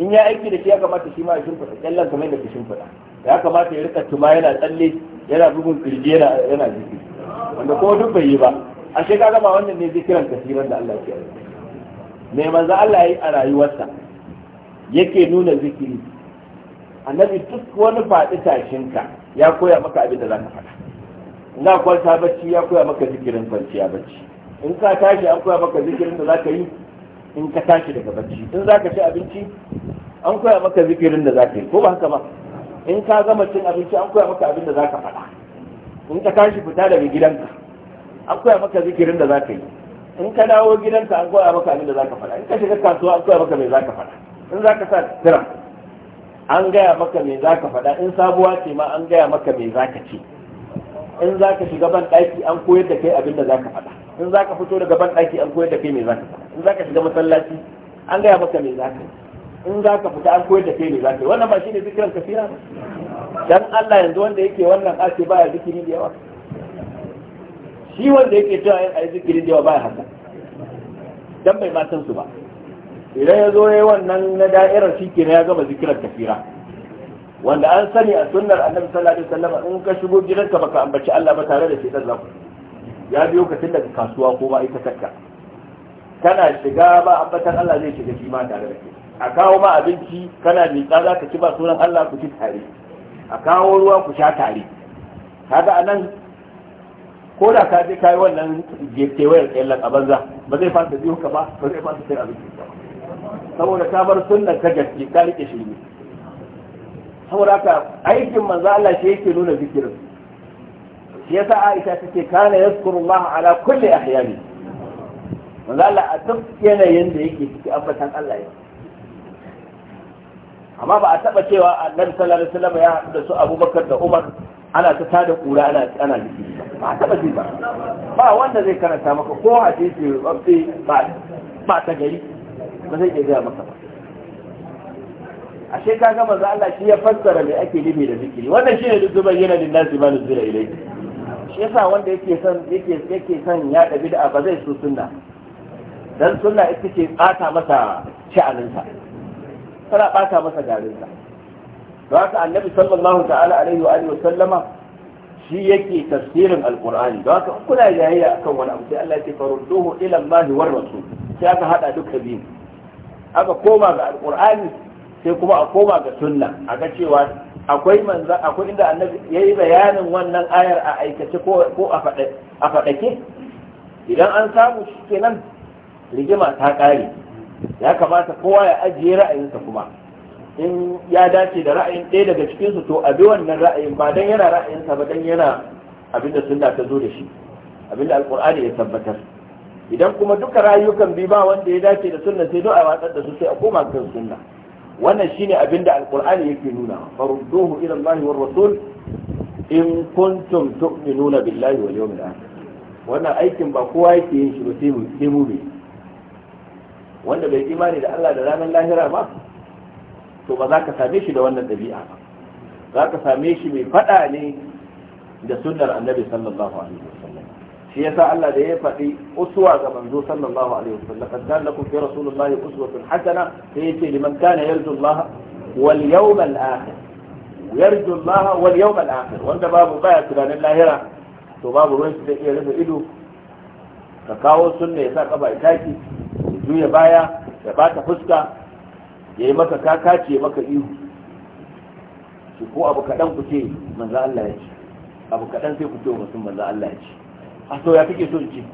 in ya aiki da shi ya kamata shi ma ya shimfida kyallan kamar da ka shimfida ya kamata ya rika tuma yana tsalle yana bugun kirji yana yana jiki wanda ko duk bai yi ba a shi gama ba wannan ne zikiran kasiran da Allah ke yi me manzo Allah yi a rayuwarsa yake nuna zikiri annabi duk wani faɗi tashinka ya koya maka abin da za ka faɗa na kwanta bacci ya koya maka zikirin kwanciya bacci in ka tashi an koya maka zikirin da za ka yi in ka tashi daga bacci in za ka ci abinci an koya maka zikirin da za ka yi ko ba haka ba in ka gama cin abinci an koya maka abin da za ka faɗa in ka tashi fita daga gidanka an koya maka zikirin da za ka yi in ka dawo gidanka an koya maka abin da za ka faɗa in ka shiga kasuwa an koya maka mai za ka faɗa in za ka sa tira an gaya maka me za ka faɗa in sabuwa ce ma an gaya maka me za ka ce in za ka shiga ban ɗaki an koyar da kai abin da za ka faɗa in za ka fito daga ban ɗaki an koyar da kai me za ka faɗa in za ka shiga masallaci an gaya maka me za ka yi in za ka fita an koyar da kai me za ka yi wannan ba shi ne zikiran kafiya dan Allah yanzu wanda yake wannan ake baya zikiri da yawa shi wanda yake cewa yin ayi zikiri da yawa baya haka dan bai ma san su ba idan ya zo ya wannan na da'irar shi kenan ya gama zikirar kafira wanda an sani a sunnar annabi sallallahu alaihi wasallam in ka shigo gidanka baka ambaci Allah ba tare da shi dan zaku ya biyo ka tun daga kasuwa ko ma'aikatarka kana shiga ba ambatan Allah zai shiga shi ma tare da kai a kawo ma abinci kana miƙa za ka ci ba sunan Allah ku ci tare a kawo ruwa ku sha tare kaga anan ko da ka je kai wannan wayar kyallan a banza ba zai fasa biyo ka ba ba zai fasa sai abinci ba saboda ta bar sunnar ka gaske ka rike shi ne saboda haka aikin manzo Allah shi yake nuna zikirin shi yasa Aisha take kana yazkurullah ala kulli ahyani manzo Allah a duk yanayin da yake ciki ambatan Allah yake amma ba a taba cewa annabi sallallahu alaihi wasallam ya haɗu da su abubakar da umar ana ta tada kura ana ana jiki ba a taba ji ba ba wanda zai karanta maka ko hadisi ba ba ta gari ba zai iya gaya maka ba ashe ka ga manzo Allah shi ya fassara me ake nufi da zikiri wannan shine duk zuban yana din nasi ba zira ilai shi yasa wanda yake son yake yake son ya dabi da ba zai so sunna dan sunna ita ce tsata masa sha'aninsa tana bata masa garinsa don haka annabi sallallahu ta'ala alaihi wa alihi sallama shi yake tafsirin alqur'ani don haka kuna jayayya akan wani abu sai Allah ya ce farudduhu ila Allah war rasul sai aka hada duka biyu aka koma ga alkur'ani sai kuma a koma ga sunna a ga cewa akwai manza akwai inda annabi yayi bayanin wannan ayar a aikace ko ko a faɗa a faɗake idan an samu kenan rigima ta ƙare ya kamata kowa ya ajiye ra'ayinsa kuma in ya dace da ra'ayin ɗaya daga cikin su to a bi wannan ra'ayin ba dan yana ra'ayinsa ba dan yana abinda sunna ta zo da shi abinda alkur'ani ya tabbatar idan kuma duka rayukan bi ba wanda ya dace da sunna sai a watsar da su sai a koma kan sunna wannan shine abin da alqur'ani yake nuna farudduhu ila allahi war rasul in kuntum tu'minuna billahi wal yawmil akhir wannan aikin ba kowa yake yin shi ba sai mu sai mu wanda bai imani da Allah da ranar lahira ba to ba za ka same shi da wannan dabi'a ba za ka same shi mai fada ne da sunnar annabi sallallahu alaihi wasallam shi yasa Allah da ya faɗi uswa ga manzo sallallahu alaihi wasallam qad kana lakum fi rasulillahi uswatun hasana sai yace liman kana yarju Allah wal yawm al akhir yarju Allah wal yawm al akhir wanda babu baya tunanin lahira to babu ruwan shi da iya rufe ido ka kawo sunna ya sa kaba itaki ya juya baya ya bata fuska ya yi maka kakaci ya maka ihu ko abu kaɗan ku ce manzo Allah ya ce abu kaɗan sai ku ce wa mutum manzo Allah ya ce a so ya kake so ce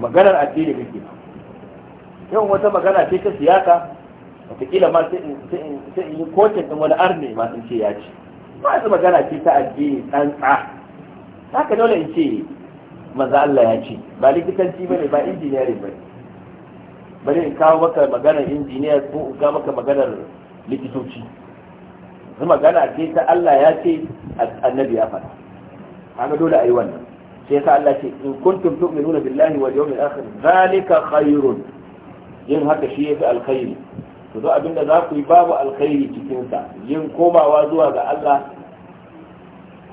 maganar addini kake yau wata magana ce ta siyasa wataƙila ma sai in yi kocin ɗin wani arne ma sun ce ya ce ba su magana ce ta addini tsantsa haka dole in ce maza Allah ya ce ba likitanci ba ne ba injiniyarin ba ne bari in kawo maka maganar injiniyar ko in kawo maka maganar likitoci su magana ce ta Allah ya ce annabi ya faɗa haka dole a yi wannan sai ka Allah ce in kuntum tu'minuna billahi wal yawmil akhir zalika khairun yin haka shi yafi alkhairi to duk abinda za ku yi babu alkhairi cikin sa yin komawa zuwa ga Allah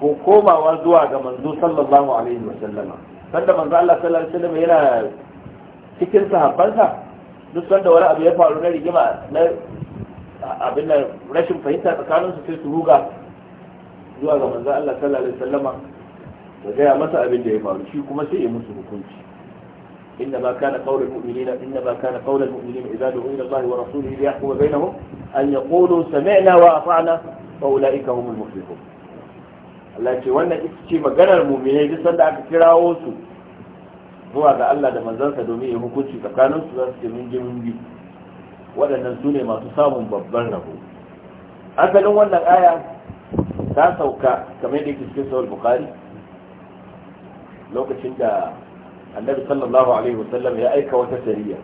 ko komawa zuwa ga manzo sallallahu alaihi wa sallama sanda manzo Allah sallallahu alaihi wa sallama yana cikin sahabbansa duk sanda wani abu ya faru na rigima na abin da rashin fahimta tsakaninsu sai su ruga zuwa ga manzo Allah sallallahu alaihi wa sallama da gaya masa abin da ya faru shi kuma sai ya musu hukunci inna ma kana qaulul mu'minina inna ma kana qaulul mu'minina idza du'u ila Allah wa rasulihi li yahkuma bainahum an yaqulu sami'na wa ata'na fa ulaika humul muflihun Allah ce wannan ita ce maganar mu'minai duk sanda aka kirawo su zuwa ga Allah da manzansa domin ya hukunci tsakanin su za su ce mun je mun bi waɗannan su ne masu samun babban rabo asalin wannan aya ta sauka kamar yadda yake cikin sahih bukhari lokacin da annabi sallallahu alaihi wasallam ya aika wata sariya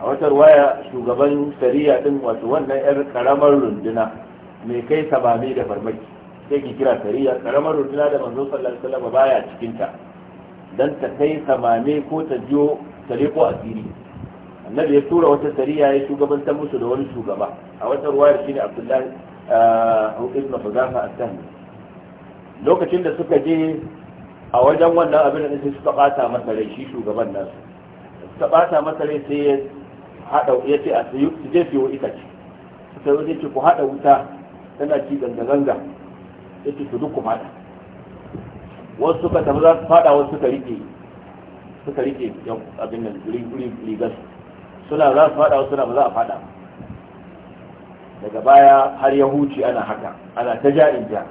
a wata ruwaya shugaban sariya din wato wannan yar karamar runduna mai kai sabami da farmaki sai ki kira sariya karamar runduna da manzo sallallahu alaihi wasallam baya cikin ta dan ta kai samame ko ta jiyo tare ko asiri annabi ya tura wata sariya ya shugaban ta musu da wani shugaba a wata ruwayar shine abdullahi ah, ibn huzafa al tahmi lokacin da suka je a wajen wannan abin da sai suka bata masarai shi shugaban nasu suka bata masarai sai ya hada ya ce a su je fiye ita ce suka yi wajen ce ku hada wuta tana ci ganga-ganga ya ce su duk mata wasu suka tafi za su fada wasu suka rike suka rike abin nan rigar suna za su fada wasu suna ba za a fada daga baya har ya huce ana haka ana ta ja'in ja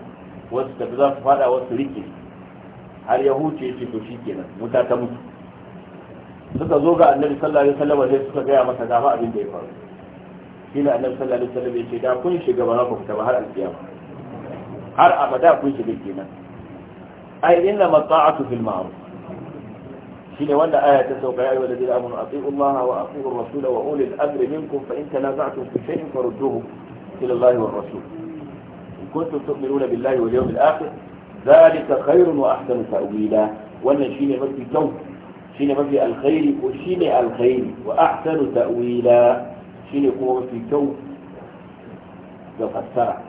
wasu tafi za su fada wasu rike har ya huce ce to shi kenan wuta ta mutu suka zo ga annabi sallallahu alaihi wasallam sai suka gaya masa dama abin da ya faru shi ne annabi sallallahu alaihi wasallam ya ce da kun shiga ba za ku fita ba har alkiyama har abada kun shiga kenan ai inna mata'atu fil ma'ruf shine wanda aya ta sauka ya ayyuhal ladina amanu atiiu allaha wa atiiu ar-rasula wa ulil amri minkum fa in tanaza'tum fi shay'in farudduhu ila allahi wa rasul kuntum tu'minuna billahi wal yawmil akhir zalika khairun wa ahsanu ta'wila wannan shine mafi kyau shine mafi alkhairi ko shine alkhairi wa ahsanu ta'wila shine kuma mafi kyau da fassara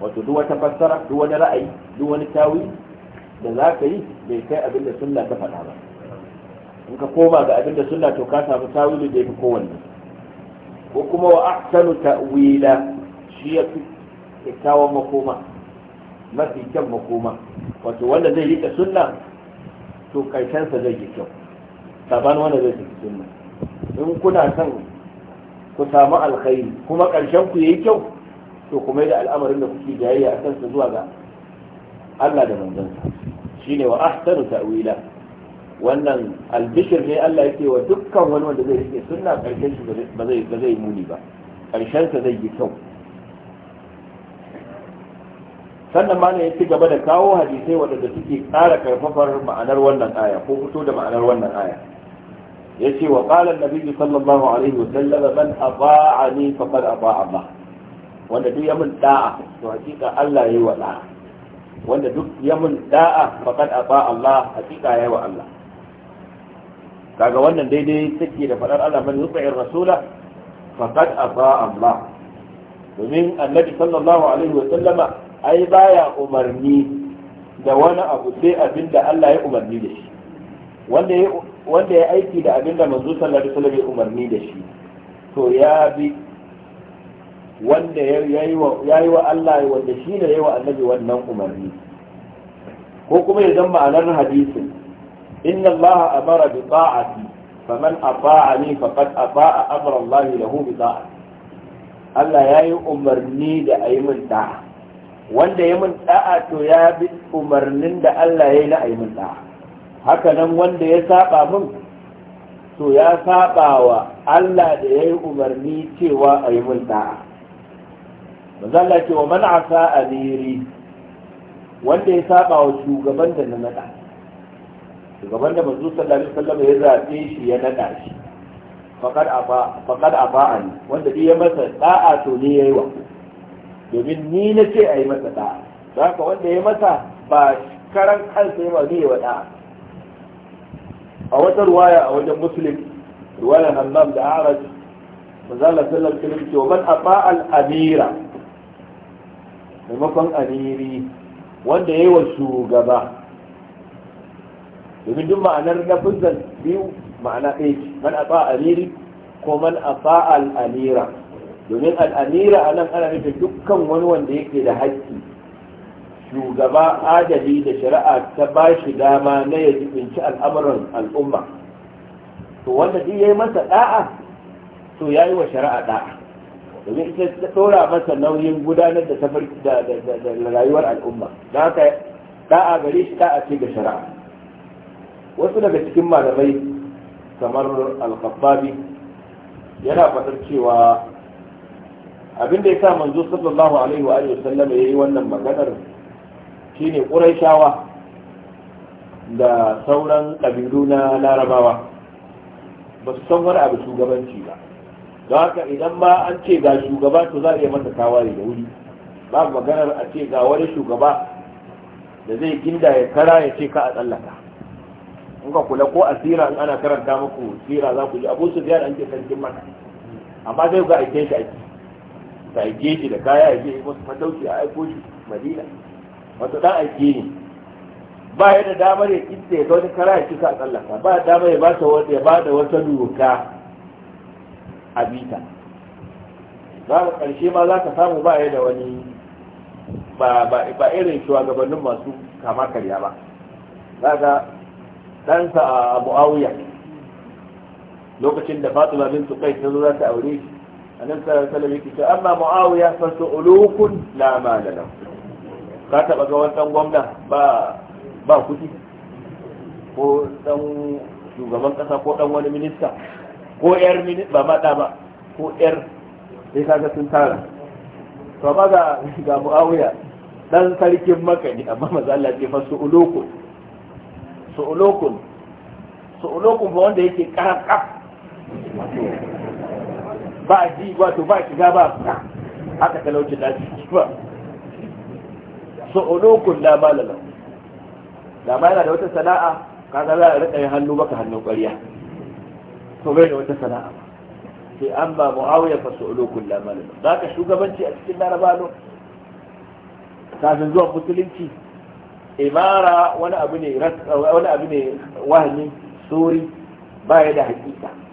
wato duk wata fassara duk wani ra'ayi duk wani tawi da za ka yi bai kai abin da sunna ta faɗa ba in ka koma ga abin da sunna to ka samu tawili da yafi kowanne ko kuma wa ahsanu ta'wila shi ya fi kyakkyawan makoma mafi kyan makoma wato wanda zai rika sunna to karshensa zai yi kyau saban wanda zai tafi sunna in kuna son ku samu alkhairi kuma karshen ku yayi kyau to kuma yi da al'amarin da kuke jayayya a kansa zuwa ga Allah da manzansa shine wa ahsanu ta'wila wannan albishir ne Allah yake wa dukkan wani wanda zai rike sunna karshen shi ba zai ba zai muni ba karshen sa zai yi kyau sannan ma ya ci gaba da kawo hadisai waɗanda suke ƙara karfafar ma'anar wannan aya ko fito da ma'anar wannan aya ya ce wa ƙalar nabi sallallahu alaihi wa sallama man aba'ani faqad aba'a Allah wanda duk ya mun da'a to hakika Allah yayi wa da'a wanda duk ya mun da'a faqad aba Allah hakika yayi wa Allah kaga wannan daidai take da fadar Allah man yuti'ir rasula faqad aba Allah domin annabi sallallahu alaihi wa sallama ai baya umarni da wani abu sai abin da Allah ya umarni da shi wanda ya aiki da abin da manzo sallallahu alaihi wasallam ya umarni da shi to ya bi wanda ya yi wa Allah wanda shi ne ya yi wa annabi wannan umarni ko kuma ya zama ma'anar hadisin inna Allah amara bi ta'ati faman ata'ani faqad ata'a amra Allah lahu bi ta'ati Allah ya yi umarni da ayi min ta'a wanda ya mun da'a to ya bi umarnin da Allah ya yi na aimin da'a haka nan wanda ya saba mun to ya saba wa Allah da ya yi umarni cewa aimin da'a manzala ce wa manasa asa amiri wanda ya saba wa shugaban da na nada shugaban da manzo sallallahu alaihi wasallam ya zabe shi ya nada shi faqad a faqad afa wanda duk ya masa da'a to ne yayi wa domin ni na ce a yi masa da'a za ka wanda ya masa ba karan kansa ya mazu yi wa da'a a wata ruwaya a wajen muslim ruwayar hannam da araj manzala Sallar kilim ce wa a afa al-amira maimakon amiri wanda ya yi wa shugaba domin duk ma'anar lafizan biyu ma'ana ɗaya man a afa amiri ko man afa al-amira domin al'amira a nan ana nufin dukkan wani wanda yake da haƙƙi shugaba adali da shari'a ta ba shi dama na ya jibinci al'amuran al'umma to wanda duk ya yi masa ɗa'a to ya yi wa shari'a ɗa'a domin ita ta ɗora masa nauyin gudanar da rayuwar al'umma da haka da'a gare shi ɗa'a ce ga shari'a wasu daga cikin malamai kamar alkababi yana faɗar cewa abin da ya sa manzo sallallahu alaihi wa alihi sallam ya yi wannan maganar shine quraishawa da sauran kabilu na larabawa ba su san wani abu shugabanci ba don haka idan ba an ce ga shugaba to za a iya masa tawaye da wuri ba maganar a ce ga wani shugaba da zai ginda ya kara ya ce ka a tsallaka in ka kula ko asira in ana karanta muku sira za ku ji abu su biyar an ce kan maka amma sai ga aike shi aiki ta aike shi da kaya aike shi wasu matauki a aiko shi madina Wata ɗan aike ne ba ya da damar ya kitse ya ga wani kara ya kisa a tsallaka ba da damar ya ba wanda ya da wata doka a bita za ka ƙarshe ma za ka samu ba ya da wani ba irin shugabannin masu kama karya ba za ka ɗansa a mu'awiya lokacin da fatima bin tukai ta zo za ta aure shi annabi sallallahu alaihi wasallam amma muawiya fa su'ulukun la mala lahu ka taba ga wannan gwamna ba ba kuɗi ko dan shugaban kasa ko dan wani minista ko yar ba mada ba ko yar sai kaga sun tara to ba ga ga muawiya dan sarkin maka ne amma manzo Allah ya ce fa su'ulukun su'ulukun su'ulukun ba wanda yake karkar ba ji wato ba shiga ba fita haka talauci da shi ba so onokun la malala da ma yana da wata sana'a kaga za a rika yin hannu baka hannun ƙwarya to bai da wata sana'a sai an ba muawiya fa su dama da malala za ka shugabanci a cikin larabano kafin zuwa musulunci imara wani abu ne wani abu ba ya baya da hakika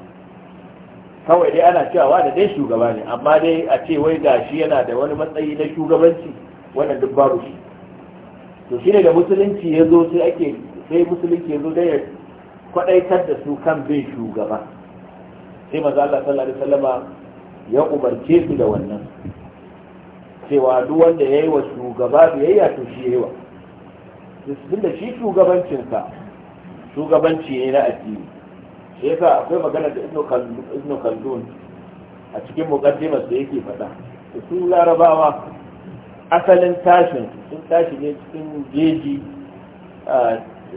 kawai dai ana cewa da dai shugaba ne amma dai a ce wai shi yana da wani matsayi na shugabanci wannan duk babu shi to shine da musulunci ya zo sai ake sai musulunci ya zo da ya kwadaitar da su kan bin shugaba sai manzo Allah sallallahu alaihi wasallama ya umarce su da wannan cewa duk wanda yayi wa shugaba biyayya to shi yayi wa tunda shi shugabancinsa shugabanci ne na addini yasa akwai magana da ibnu khaldun a cikin muqaddimar da yake faɗa su larabawa asalin tashin sun tashi ne cikin jeji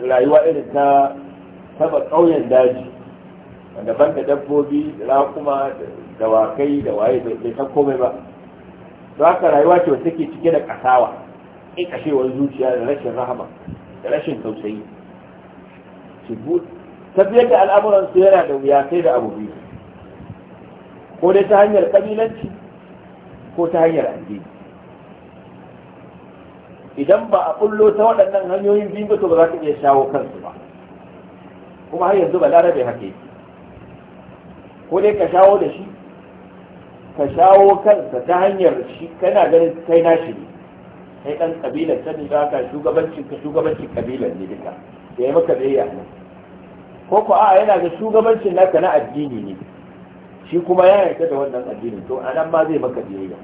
rayuwa irin ta saba ƙauyen daji wanda da dabbobi raƙuma da wakai da waye bai san komai ba don haka rayuwa ce wata ke cike da kasawa ƙiƙashewar zuciya da rashin rahama da rashin tausayi tafiyar da al'amuransu yana da wuya sai da abu biyu ko dai ta hanyar kabilanci ko ta hanyar addini idan ba a kullo ta waɗannan hanyoyin biyu ba to ba za ka iya shawo kansu ba kuma har yanzu ba larabe haka yake ko dai ka shawo da shi ka shawo kansa ta hanyar shi kana ganin kai nashi ne kai ɗan kabilar sani za ka shugabancin ka shugabancin kabilar ne duka da ya maka biyayya nan ko ko a yana da shugabancin naka na addini ne shi kuma ya yarda da wannan addinin to a nan ma zai maka biyayya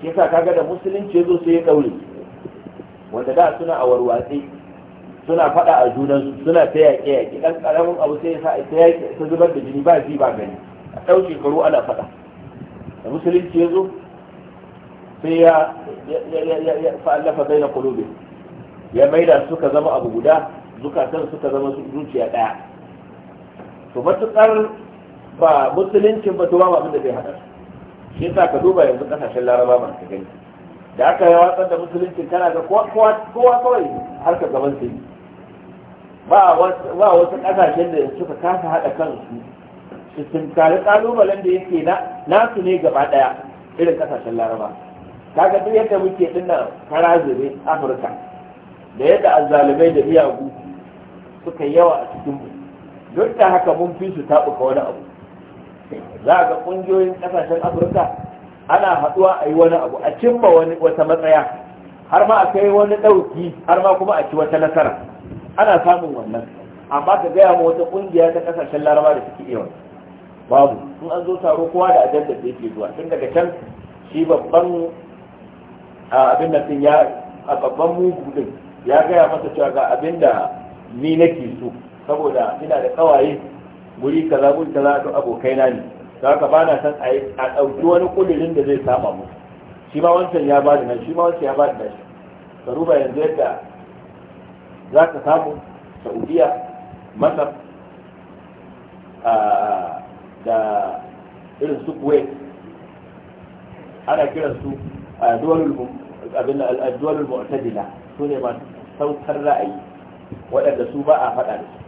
shi yasa kaga da musulunci yazo sai ya daure wanda da suna a warwatsi suna fada a junan su suna ta yaƙe yaƙe dan karamin abu sai ya sa ta yaƙe ta zubar da jini ba zai ba gani a dauke shekaru ana fada da musulunci yazo sai ya ya fa'allafa baina qulubi ya maida suka zama abu guda zukatan suka zama zuciya daya to matuƙar ba musuluncin ba to ba abin da zai hada. shi yasa ka duba yanzu ƙasashen laraba ba ka gani da aka yi watsar da musuluncin kana ga kowa kawai har ka gaban yi. ba wasu ƙasashen da suka kasa haɗa kansu su kari ƙalubalen da yake nasu ne gaba ɗaya irin ƙasashen laraba kaga duk yadda muke dinnan zube afirka da yadda azzalumai da miyagu suka yawa a cikin mu duk da haka mun fi su taɓuka wani abu za ga ƙungiyoyin ƙasashen afirka ana haɗuwa a yi wani abu a cimma wani wata matsaya har ma a kai wani ɗauki har ma kuma a ci wata nasara ana samun wannan amma ka gaya ma wata ƙungiya ta ƙasashen laraba da suke iya babu in an zo taro kowa da ajandar da yake zuwa tun daga can shi babban abin da sun ya a babban mugu din ya gaya masa cewa ga abin da ni nake so saboda ina da kawaye guri kaza guri kaza to abokai na ne za ka ba na san a ɗauki wani kudirin da zai saba mu shi ma wancan ya bada nan shi ma wancan ya bada nan ka ruba yanzu yadda za ka samu saudiya masar da irin su ana kiran su a duwalul mu'tadila su ne masu saukar ra'ayi waɗanda su ba a faɗa da su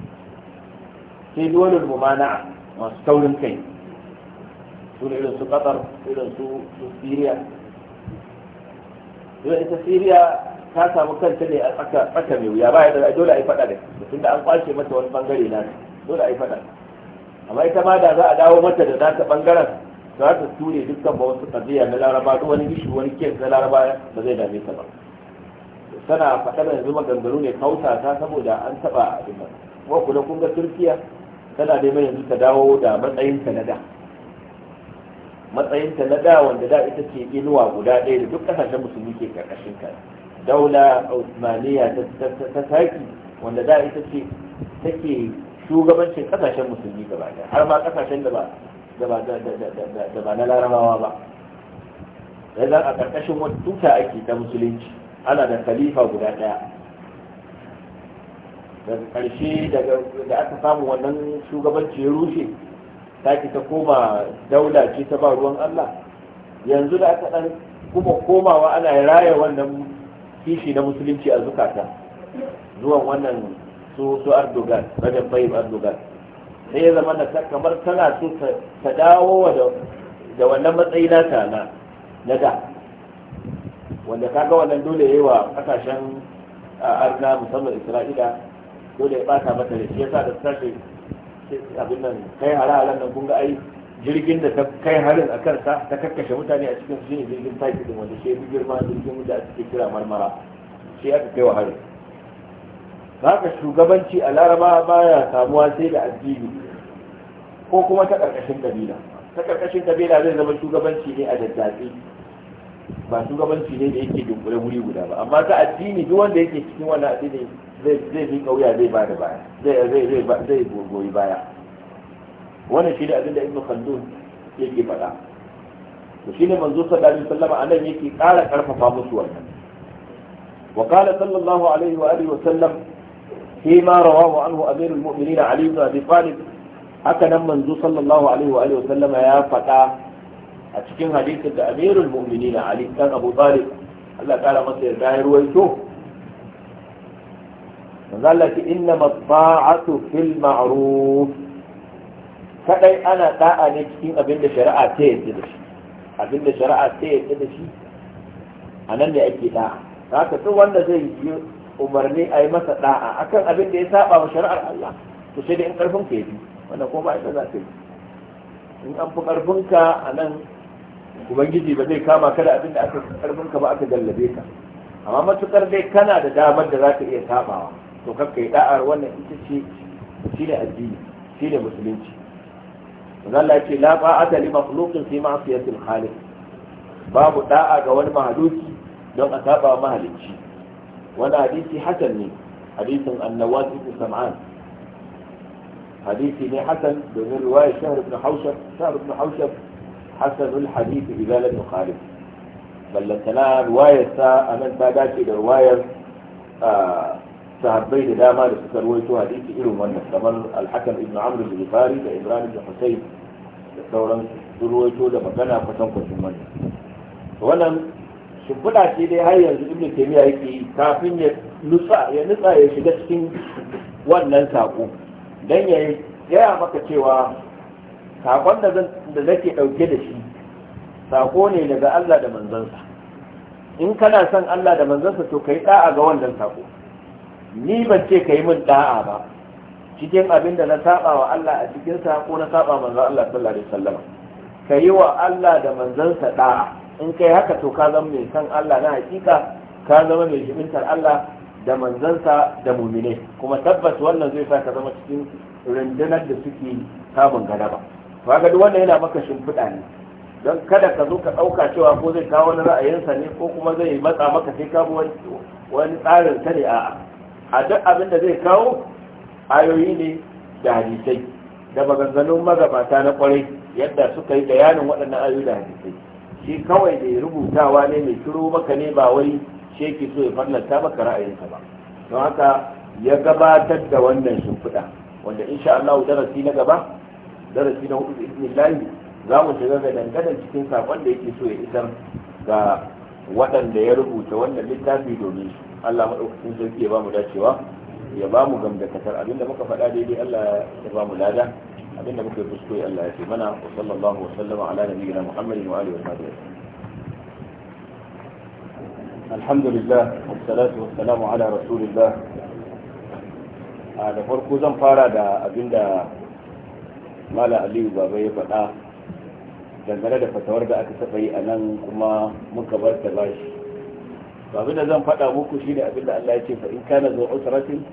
sai duwalul mumana'a masu taurin kai su irin su qatar irin su syria don ita siriya ta samu kanta ne a tsaka mai wuya ba da dole a yi fada da mutum da an kwashe mata wani bangare na dole a yi fada amma ita ma da za a dawo mata da ta bangaren za ta ture dukkan ba wasu kaziya na laraba duk wani gishi wani kes na laraba ba zai dame ta ba tana faɗar yanzu maganganu ne kausa ta saboda an taɓa abin ko kuma kula kun ga turkiya tana neman yanzu ta dawo da matsayinta na da matsayinta na da wanda da ita ce inuwa guda ɗaya da duk ƙasashen musulmi ke ƙarƙashin ka daula usmaniya ta saki wanda da ita ce take shugabancin ƙasashen musulmi gaba ɗaya har ma ƙasashen da ba da ba na larabawa ba yanzu a ƙarƙashin wata tuta ake ta musulunci ana da khalifa guda ɗaya daga karshe da aka samu wannan shugabanci ya rushe taki ta koma daula ce ta ba ruwan Allah yanzu da aka dan kuma komawa ana raya wannan kishi na musulunci a zukata zuwan wannan su su Erdogan Rajab Tayyip Erdogan sai ya zama da kamar tana so ta dawo da wannan matsayi na na na da wanda kaga wannan dole yayi wa kasashen arna musamman Isra'ila dole ya bata mata da shi yasa da tashi abin nan kai hare-haren nan kun ga ai jirgin da ta kai harin a kansa ta kakkashe mutane a cikin shi ne jirgin taki din wanda shi yafi girma jirgin da ake kira marmara shi aka kai wa harin haka shugabanci a laraba baya samuwa sai da addini ko kuma ta karkashin kabila ta karkashin kabila zai zama shugabanci ne a daddatsi ba shugabanci ne da yake dunkule wuri guda ba amma ta addini duk wanda yake cikin wannan addini zai fi kauya zai ba da baya zai zai zai zai goyi baya wannan shi ne abin da ibnu khaldun yake faɗa to shi ne manzo sallallahu alaihi wasallam anan yake ƙara karfafa musu wannan wa qala sallallahu alaihi wa alihi wa sallam fi ma rawahu anhu amirul almu'minin ali ibn abi talib haka nan manzo sallallahu alaihi wa alihi wa sallam ya faɗa a cikin hadisin da amirul mu'minin ali dan abu talib Allah ya kara masa yarda ya ruwaito manzo Allah ce inna mata'atu fil ma'ruf kadai ana da'a ne cikin abin da shari'a ta yadda da shi abin da shari'a ta yadda da shi a nan ne ake da'a haka duk wanda zai yi umarni a yi masa da'a akan abin da ya saba wa shari'ar Allah to sai dai in karfin ka yi wannan ko ba ita za ta yi in an fi karfin ka a nan ubangiji ba zai kama ka da abin da aka karfin ka ba aka gallabe ka amma matukar dai kana da damar da za ka iya sabawa to kakka yi da'ar wannan ita ce shi ne addini shi ne musulunci Allah ce la ba'ata li makhluqin fi ma'siyatil khaliq babu da'a ga wani mahaluki don a saba mahalicci wani hadisi hasan ne hadisin annawaz ibn sam'an hadisi ne hasan domin riwaya shahr ibn haushab shahr ibn haushab hasanul hadisi idan lam yukhalif ballantana riwayar sa anan ta dace da riwayar ah, sahabbai da dama da suka ruwaito hadisi irin wannan kamar al-hakam ibn amr bin bari da ibrahim bin husayn da sauran su ruwaito da magana kusan kusan wannan wannan shimfiɗa ce dai har yanzu ibn taymiya yake kafin ya nutsa ya nutsa ya shiga cikin wannan sako dan ya gaya maka cewa sakon da da nake dauke da shi sako ne daga Allah da manzansa in kana son Allah da manzansa to kai da'a ga wannan sako ni ban ce ka yi min da'a ba cikin abin da na saba wa Allah a cikin sa ko na saba manzo Allah sallallahu alaihi wasallam ka yi wa Allah da manzansa da'a in kai haka to ka zama mai san Allah na hakika ka zama mai jibintar Allah da manzansa da mumine kuma tabbas wannan zai sa ka zama cikin rundunar da suke samun gadaba to haka duk wannan yana maka shimfiɗa ne don kada ka zo ka ɗauka cewa ko zai kawo wani ra'ayinsa ne ko kuma zai matsa maka sai ka wani tsarin sare a'a a duk abin da zai kawo ayoyi ne da hadisai da maganganun magabata na kwarai yadda suka yi bayanin waɗannan ayoyi da hadisai shi kawai da ya rubutawa ne mai turo maka ne ba wai sheki so ya fallanta maka ra'ayinsa ba don haka ya gabatar da wannan shimfiɗa wanda insha Allah darasi na gaba darasi na hudu bismillahi za mu shiga ga dangadan cikin saƙon da yake so ya isar ga waɗanda ya rubuta wannan littafi domin su. Allah madaukakin sarki ya ba mu dacewa ya ba bamu gamdakatar abinda muka faɗa daidai Allah ya ba mu lada abinda muka yi kuskure Allah ya ce mana wa sallallahu wa sallama ala nabiyyina Muhammadin wa alihi wa sahbihi الحمد لله والصلاة والسلام على رسول الله da farko zan fara da abinda mala aliyu baba ya faɗa dangane da fatawar da aka saba yi a nan kuma muka bar ta bashi to abinda zan fada muku shine abinda Allah ya ce fa in kana zo usratin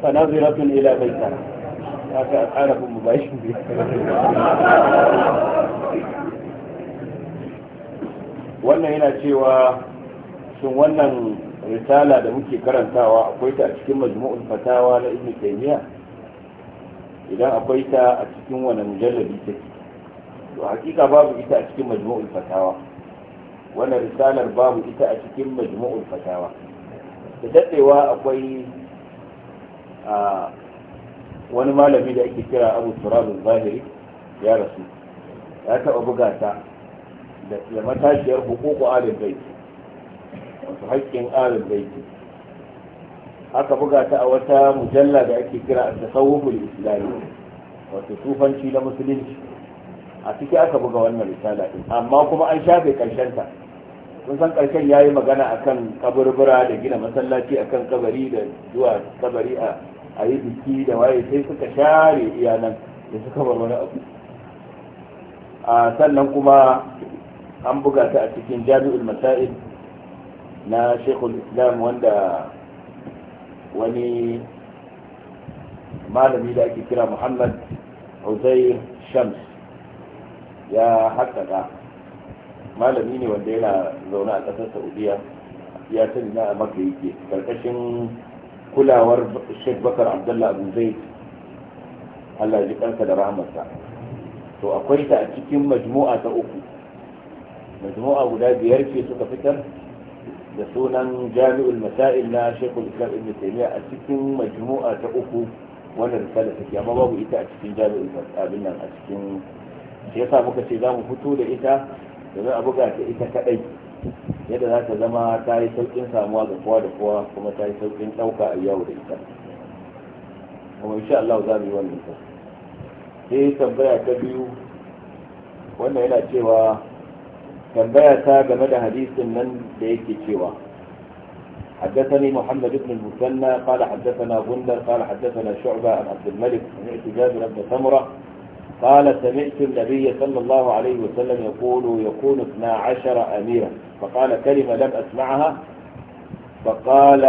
fa naziratun ila baita haka a tsara bin mubashi wannan yana cewa shin wannan risala da muke karantawa akwai ta a cikin majmu'ul fatawa na ibn taymiya idan akwai ta a cikin wannan mujalladi take to hakika babu ita a cikin majmu'ul fatawa wannan risalar babu ita a cikin majmu'ul fatawa da daɗewa akwai wani malami da ake kira abu turabin zahiri ya rasu ya taɓa buga ta da matashiyar hukuku alin baiti wasu haƙƙin alin baiti aka buga ta a wata mujalla da ake kira a tasawuful islami wato tufanci na musulunci a ciki aka buga wannan risala ɗin. amma kuma an shafe ƙarshen ta kun san karshen yi magana a kan kaburbura da gina masallaci a kan kabari da zuwa kabari a yi biki da waye sai suka share iyalan da suka bar wani abu a sannan kuma an buga ta a cikin jami'ul masail na shekul islam wanda wani malami da ake kira muhammad uzair shams ya haƙaƙa malami ne wanda yana zaune a ƙasar saudiya ya sani na a maka yake ƙarƙashin kulawar sheikh bakar abdullah abu zai allah ji kansa da rahamarsa to akwai ta a cikin majmu'a ta uku majmu'a guda biyar ce suka fitar da sunan jami'ul masail na shekul islam ibn taymiya a cikin majmu'a ta uku wannan risala take amma babu ita a cikin jami'ul abin nan a cikin shi yasa muka ce za mu fito da ita za a buga ta ita kadai yadda za ta zama ta yi saukin samuwa ga kowa da kowa kuma ta yi saukin dauka a yau da ita kuma insha Allah za mu yi wannan ta sai tambaya ta biyu wannan yana cewa tambaya ta game da hadisin nan da yake cewa حدثني محمد بن المثنى قال حدثنا غندر قال حدثنا شعبة عن عبد الملك عن جابر بن ثمرة قال سمعت النبي صلى الله عليه وسلم يقول يكون اثنا عشر أميرا فقال كلمة لم أسمعها فقال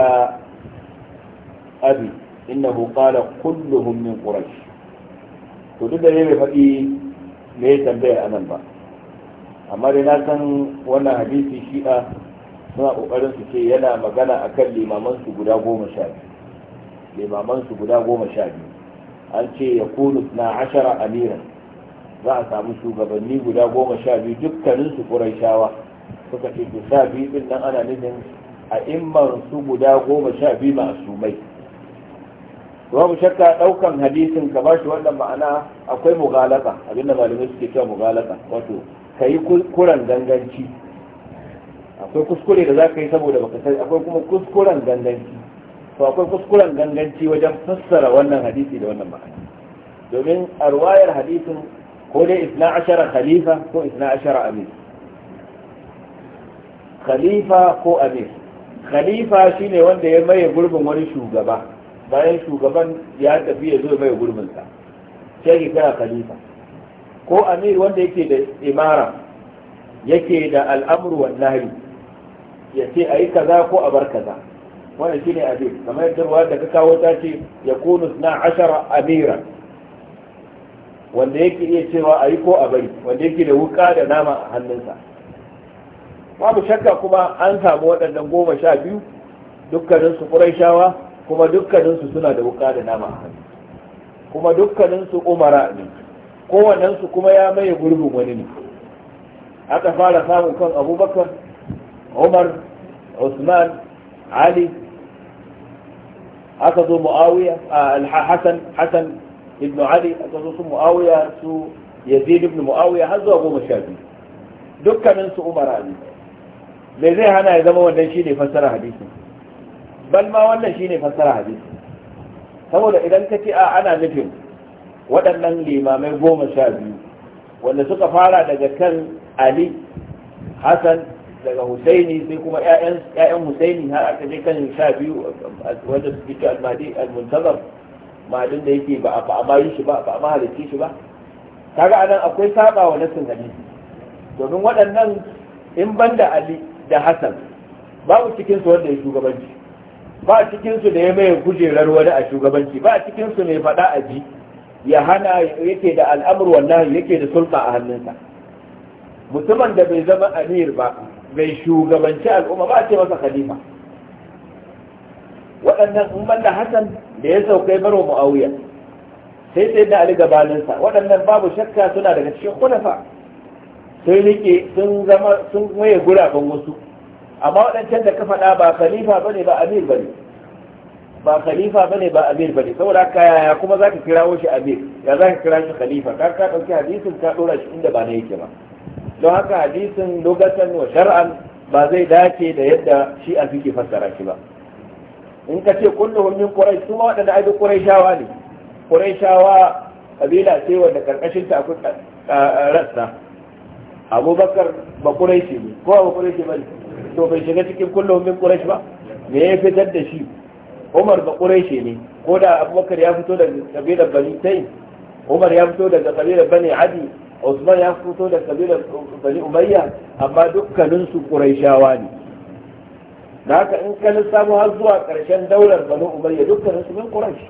أبي إنه قال كلهم من قريش تدد لي فقي me ya tambaya anan ba amma dai na san wannan hadisi shi'a suna kokarin su ce yana magana akan limaman su guda goma sha biyu an ce ya kunu na ashara amiran za a samu shugabanni guda goma sha biyu dukkanin su ƙuraishawa suka ce to sha biyu din nan ana nufin a imman su guda goma sha biyu ma'asumai babu shakka ɗaukan hadisin ka ba shi wannan ma'ana akwai mugalaka abinda malamai suke cewa mugalaka wato ka yi kuran ganganci akwai kuskure da za ka yi saboda baka sai akwai kuma kuskuren ganganci to akwai kuskuren ganganci wajen fassara wannan hadisi da wannan ma'ana domin a ruwayar hadisin ko dai isna ashara khalifa ko isna ashara amir khalifa ko amir khalifa shine wanda ya maye gurbin wani shugaba bayan shugaban ya tafi ya zo mai gurbinsa sai ya kira khalifa ko amir wanda yake da imara yake da al'amru wan nahyi ya ce ayi kaza ko a bar kaza wannan shine abin kamar yadda ruwa da ka kawo ta ce ya kunu na ashara amira wanda yake iya cewa a yi ko a bari wanda yake da wuka da nama a hannunsa babu shakka kuma an samu waɗannan goma sha biyu dukkaninsu ƙuraishawa kuma dukkaninsu suna da wuka da nama a hannu kuma dukkaninsu umara ne su kuma ya maye gurbin wani ne aka fara samun kan abubakar umar usman ali aka zo muawiya hasan hasan ibn ali aka zo su muawiya su yazid ibn muawiya har zuwa goma sha biyu dukkanin su umar ali bai zai hana ya zama wannan shine fassara hadisi bal ma wannan shine fassara hadisi saboda idan ka ce a ana nufin waɗannan limamai goma sha biyu wanda suka fara daga kan ali hasan daga husaini sai kuma ƴaƴan husaini har aka je kan sha biyu wanda suke ce almadi almuntazar madin da yake ba a ba yi shi ba ba a ma halitta shi ba kaga anan akwai saba wa nasin hadisi domin waɗannan in banda ali da hasan babu cikin su wanda ya shugabanci ba cikin su da ya mai kujerar wani a shugabanci ba cikin su ne faɗa a ji ya hana yake da al'amur wallahi yake da sulta a hannunsa mutumin da bai zama amir ba mai shugabanci al'umma ba a ce masa khalifa waɗannan umman da hasan da ya saukai baro mu'awiya sai sai da ali gabaninsa waɗannan babu shakka suna daga cikin khulafa sun rike sun zama sun maye guraben wasu amma waɗancan da ka faɗa ba khalifa bane ba amir bane ba khalifa bane ba amir bane saboda haka yaya kuma zaka kirawo shi amir ya zaka kira shi khalifa ka ka dauki hadisin ka dora shi inda ba ne yake ba don haka hadisin lugatan wa shar'an ba zai dace da yadda shi a suke fassara shi ba in ka ce hunyin kurai, su ma waɗanda kurai shawa ne shawa kabila ce wanda karkashin ta akwai rassa abubakar ba ce ne ko ba ce ba to bai shiga cikin kulluhum min shi ba me ya fitar da shi umar ba ce ne ko da abubakar ya fito daga kabilar bani tai umar ya fito daga kabilar bani adi Usman ya fito da kabilar Bani Umayya amma dukkanin su Qurayshawa ne da haka in ka lissafo har zuwa ƙarshen daular Bani Umayya dukkanin su min Quraysh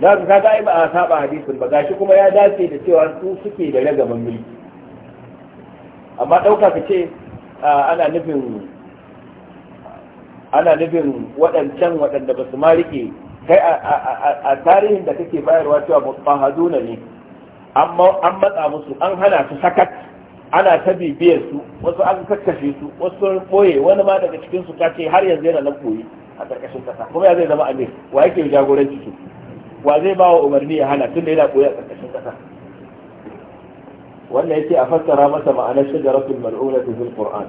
da haka kaga ai ba a saba hadisin ba gashi kuma ya dace da cewa su suke da ragaman mulki amma ɗauka ka ce ana nufin ana nufin waɗancan waɗanda ba su ma riƙe kai a tarihin da kake bayarwa cewa mutahaduna ne an matsa musu an hana su sakat ana ta bibiyar su wasu an kakkashe su wasu sun boye wani ma daga cikin su ta ce har yanzu yana nan koyi a karkashin kasa kuma ya zai zama amir wa yake jagoranci su wa zai ba wa umarni ya hana tunda yana koyi a karkashin kasa wannan yake a fassara masa ma'anar shajaratul mal'unatu fil qur'an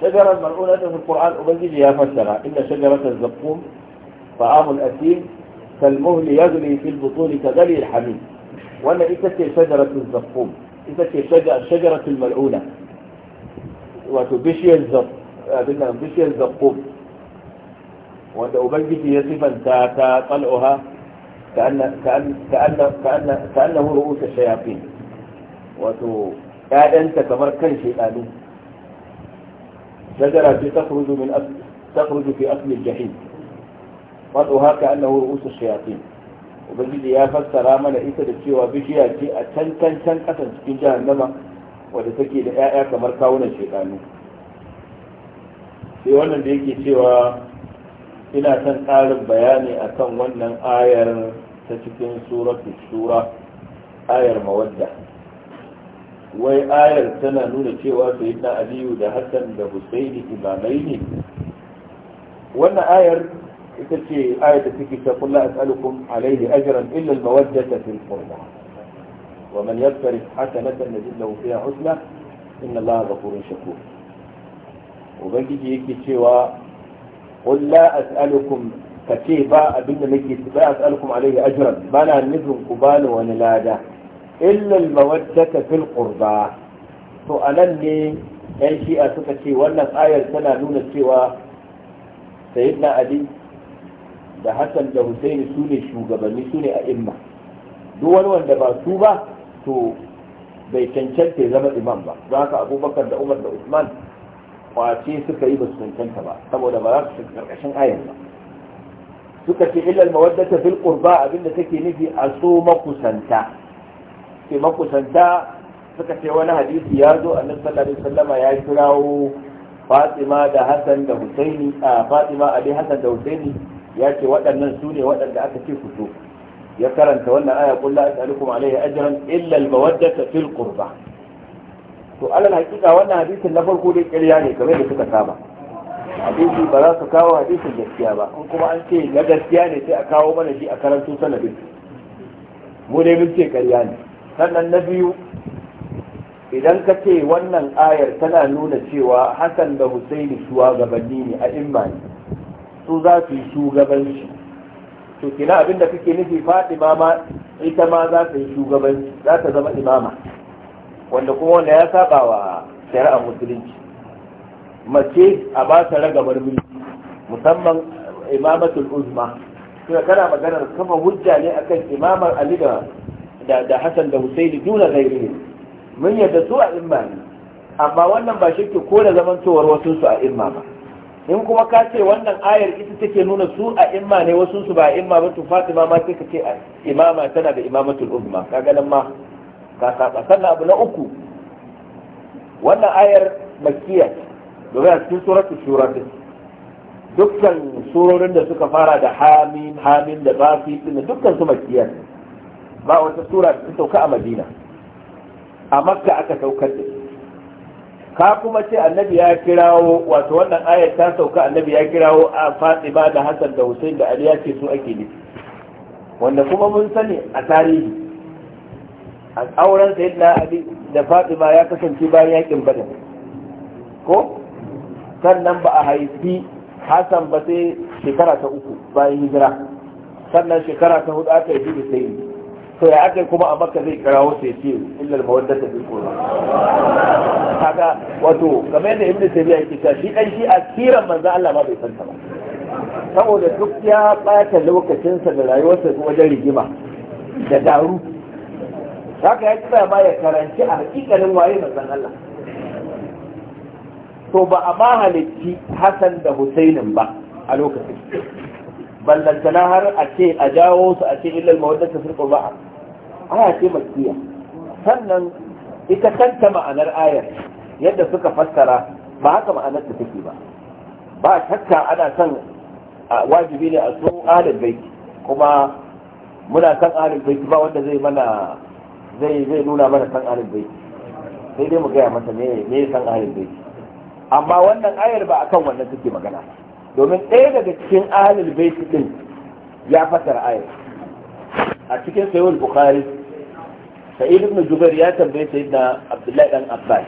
shajarar mal'unatu fil qur'an ubangiji ya fassara inna shajaratul zaqqum ta'amul asim kal muhli yaghli fil butun kadali al hamim وأنا إتكي شجرة الزفوم إتكي شجرة الملعونة وتبشي الزف أبنى أبشي الزفوم وأنت أبجدي يصفا تطلعها كأن... كأن... كأن... كأن... كأنه رؤوس الشياطين وتقعد أنت كمركن شيئان شجرة تخرج, من أك... تخرج في أصل الجحيم طلعها كأنه رؤوس الشياطين ubangiji ya fassara mana ita da cewa bishiya ce a can can can kasan cikin jahannama wadda take da 'ya'ya kamar kawunan shekanu sai wannan da yake cewa ina son ƙarin bayani akan wannan ayar ta cikin suratul shura ayar mawadda wai ayar tana nuna cewa sayyidina aliyu da hassan da husaini imamai ne wannan ayar ita ce ayat da take ta kullu as'alukum alayhi ajran illa al-mawaddata fil qurba wa man yaqtarif hasanatan najid lahu fiha husna inna allaha ghafurun shakur ubangiji yake cewa qul la as'alukum kace ba abinda nake ba as'alukum alayhi ajran bana nufin ku bani wani lada illa al-mawaddata fil qurba to anan ne yan shi'a suka ce wannan ayar tana nuna cewa sayyidina ali da hassan da husaini su ne shugabanni su ne a imma duk wani wanda ba su ba to bai cancanta ya zama imam ba za ka abubakar da umar da usman kwace suka yi ba su cancanta ba saboda ba za su shiga karkashin ayan ba suka ce illal mawaddata fil qurba abinda take nufi a so makusanta ke makusanta suka ce wani hadisi ya zo annabi sallallahu alaihi wasallama ya kirawo Fatima da Hassan da Husaini a Fatima Ali Hassan da Husaini ya ce waɗannan su ne waɗanda aka ce ku so ya karanta wannan aya kullu as'alukum alayhi ajran illa al-mawaddata fil qurba to alal hakika wannan hadisin na farko dai ƙarya ne kamar da suka saba hadisi ba za su kawo hadisin gaskiya ba in kuma an ce na gaskiya ne sai a kawo mana shi a karanto sanadin mu dai mun ce ƙarya ne sannan na biyu idan ka ce wannan ayar tana nuna cewa hasan da husaini suwa shugabanni ne a imma ne su za su yi shugabanci to kina abinda kake nufi fatima ma ita ma za ta yi shugabanci za ta zama imama wanda kuma wanda ya saba wa shari'ar musulunci mace a ba ta ragamar mulki musamman imamatul uzma suna kana maganar kama hujja ne akan imamar ali da da hasan da husaini duna gairi mun yadda su a imma ne amma wannan ba shi ke kore zamantowar wasu su a imma ba in kuma ka ce wannan ayar ita take nuna su a imma ne wasu su ba imma ba to Fatima ma sai ka ce imama tana da imamatul umma kaga nan ma ka saba sannan abu na uku wannan ayar makkiya domin a cikin suratu shura dukkan surorin da suka fara da hamin hamim da zafi din dukkan su makkiya ba wata sura ta sauka a Madina a Makka aka saukar da ka kuma ce annabi ya kirawo wato wannan ayar ta sauka annabi ya kirawo a fatima da hassan da hussein da ali ya ce su ake ne wanda kuma mun sani a tarihi a auren sayyidina ali da fatima ya kasance bayan yakin badar ko sannan ba a haifi hassan ba sai shekara ta uku bayan hijira sannan shekara ta hudu aka yi da sayyidina to ya aka kuma a makka zai kirawo sai ce illal mawaddata bil qurba kaga wato kamar yadda ibnu tabi'a yake cewa shi dan shi a kiran manzo Allah ma bai san ta ba saboda duk ya bata lokacinsa da rayuwarsa wajen rigima da daru haka ya kira ma ya karanci a hakikalin waye manzon Allah to ba a ma halitti Hassan da Husainin ba a lokacin ballantana har a ce a jawo su a ce illal mawaddata fil qurba aya ce makkiya sannan ita kanta ma'anar ayar yadda suka fassara ba haka ma'anar ta take ba ba shakka ana son wajibi ne a so ahlul kuma muna san ahlul ba wanda zai mana zai zai nuna mana san ahlul sai dai mu gaya masa me me san ahlul amma wannan ayar ba akan wannan take magana domin ɗaya daga cikin alin bait din ya fassara ayar a cikin sayyid bukhari sa'id ibn jubair ya tambaye sayyidina abdullahi dan abbas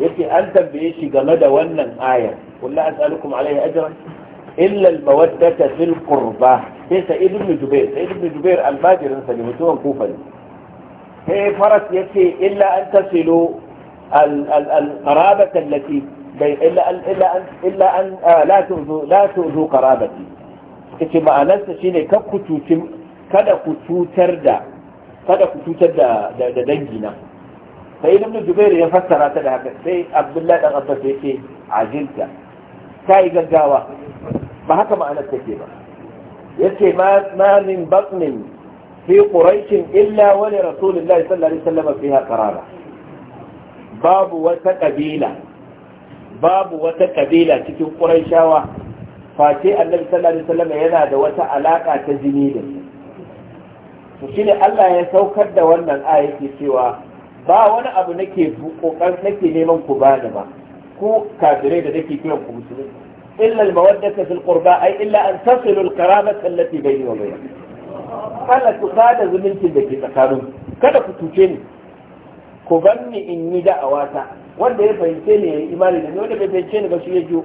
yace an tambaye shi game da wannan aya kullu as'alukum alaihi ajran illa al-mawaddata fil qurba sai sa'id ibn jubair sa'id ibn jubair al-bajirin sa ne mutuwan kufa ne sai faras yace illa an tasilu al-qarabata allati bai illa an illa an ah, la tuzu la tuzu qarabati kace ma'anarsa shine kakku cuci kada ku cutar da kada ku cutar da dangi na sai ibn jubair ya fassara ta da haka sai abdullahi dan abbas ya ce ajilta kai gaggawa ba haka ma'anar take ba yace ma ma min batnin fi quraish illa wa li rasulillahi sallallahu alaihi wasallam fiha qarara babu wata kabila babu wata kabila cikin quraishawa face annabi sallallahu alaihi wasallam yana da wata alaka ta jini da su to shi Allah ya saukar da wannan aya cewa ba wani abu nake kokarin nake neman ku bani ba ku kafirai da nake kiran ku musulmi illa al-mawaddata fil qurba ay illa an tasilu al-karamata allati bayni wa bayni Kada ku sada zumuncin da ke tsakanin kada ku tuce ni ku banni in yi da'awata wanda ya fahimce ne ya imani da ni wanda bai fahimce ni ba shi ya jiyo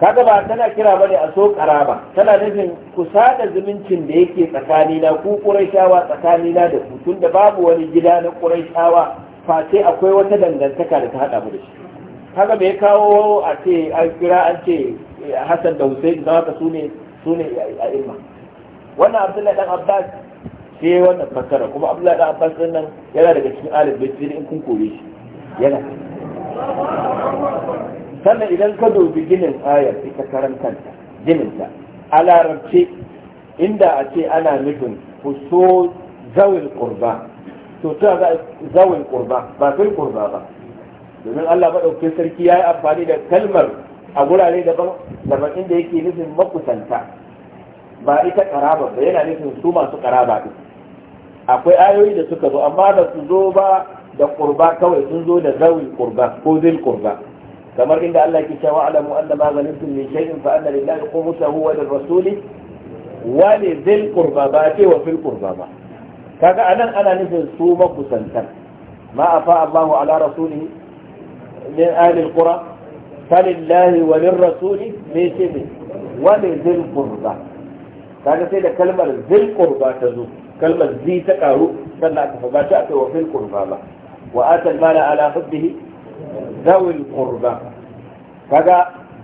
kaga ba tana kira ba ne a so karaba tana nufin ku sada zumuncin da yake tsakanina ku ƙuraishawa tsakanina da ku tunda babu wani gida na ƙuraishawa face akwai wata dangantaka da ta haɗa mu da shi kaga bai kawo a ce an kira an ce Hassan da Hussein da ka sune sune a ilma wannan Abdullahi dan Abbas sai wannan fassara kuma Abdullahi dan Abbas din nan yana daga cikin alif bai in kun kore shi yana sannan idan ka dubi ginin ayar ita karantanta gininta a larabce inda a ce ana nufin kuso zawin kurba to ta za zawin kurba ba kai kurba ba domin Allah dauke sarki ya yi amfani da kalmar a gurare daban daban inda yake nufin makusanta ba ita karaba ba yana nufin su masu karaba ɗin akwai ayoyi da suka zo amma da su zo ba da kurba kawai sun zo da zawin kurba ko zil kurba kamar inda Allah ke cewa alamu anna ma ghanimtum min shay'in fa anna lillahi khumsahu wa lirrasuli wa li dhil qurba ba ce wa fil qurba ba kaga anan ana nufin su makusantan ma a afa Allahu ala rasulihi min ahli alqura falillahi wa rasuli me ce ne wa li dhil kaga sai da kalmar dhil qurba ta zo kalmar zi ta karu sannan aka fa ba ta wa fil qurba ba wa atal mala ala hubbihi zawil qurba kaga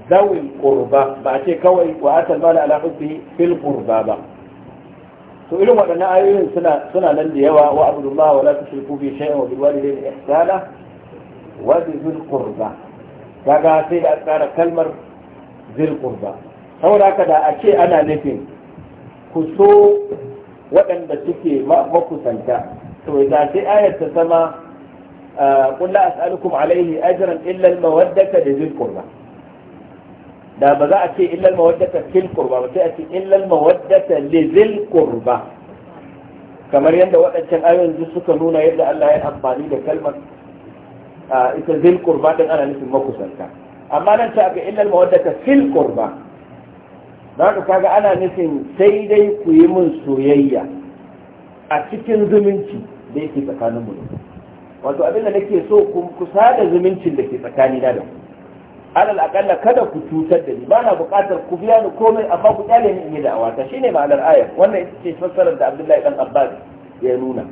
zawil qurba ba a ce kawai wa atal mala ala hubbi fil qurba ba to irin waɗannan ayoyin suna suna nan da yawa wa abdullah wa la tushriku bi shay'in wa bil walidayni ihsana wa dhil qurba kaga sai da tsara kalmar dhil qurba saboda haka da a ce ana nufin ku so waɗanda suke makusanta to sai ayar ta sama qul la as'alukum alayhi ajran illa al-mawaddata bi dhil qurba da ba za a ce illa al-mawaddata fil qurba ba sai a ce illa al-mawaddata li dhil qurba kamar yadda waɗancan ayoyin suka nuna yadda Allah ya amfani da kalmar ita zil qurba din ana nufin makusanta amma nan ta ga illal mawaddata fil qurba zaka kaga ana nufin sai dai ku yi mun soyayya a cikin zumunci da yake tsakanin mu wato abinda nake so ku sada zumuncin da ke tsakani na da ku alal akalla kada ku cutar da ni ba na buƙatar ku biya ni komai amma ku kyale ni in yi da'awa ta shine ma'anar ayar wannan ita ce fassarar da Abdullahi dan Abbas ya nuna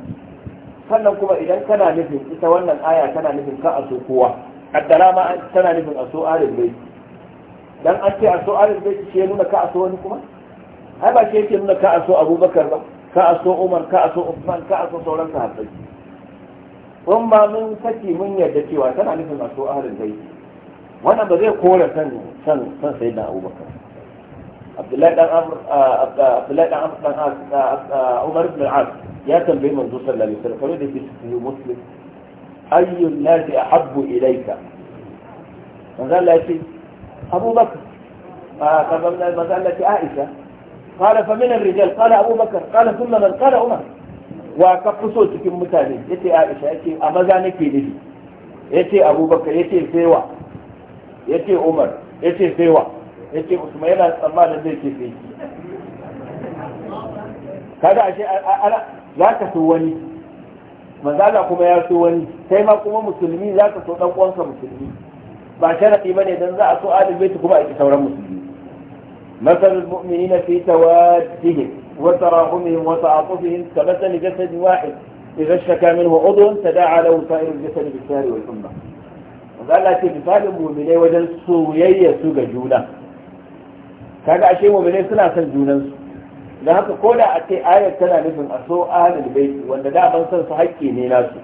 sannan kuma idan kana nufin ita wannan aya tana nufin ka aso kowa addara ma tana nufin a so bai dan an ce a so bai shi ya nuna ka aso wani kuma ai ba shi yake nuna ka aso Abubakar ba ka aso Umar ka aso so Uthman ka aso sauran sahabbai Kun ba mun saki mun yarda cewa tana nufin a so ahlul wannan ba zai kora san san san abubakar abdullahi dan amr dan umar ibn al-as ya tambayi manzo sallallahu alaihi wasallam da ke cikin muslim ayyun nasi ahabbu ilayka manzo Allah ya ce abubakar فقال مثلا عائشة قال فمن الرجال قال أبو بكر قال ثم من قال عمر wa ka fi so cikin mutane Ya ce Aisha Ya ce a maza nake nufi ce Abubakar Ya yace saiwa ce Umar Ya yace saiwa ce Usman yana tsammanin zai ce sai kada ashe ana za ka so wani manzala kuma ya so wani sai ma kuma musulmi za ka so dan uwansa musulmi ba sharadi bane dan za a so adalci kuma a ki sauran musulmi na fita في توادهم وتراحمهم وتعاطفهم كمثل جسد واحد إذا اشتكى منه عضو تداعى له سائر الجسد بالسهر والحمى وقال لك مثال المؤمنين وجن سويي سوق جونا kaga ashe mu'minai suna son junansu Da haka ko da a ce ayar tana nufin a so ahlul bait wanda da ban san su haƙƙi ne nasu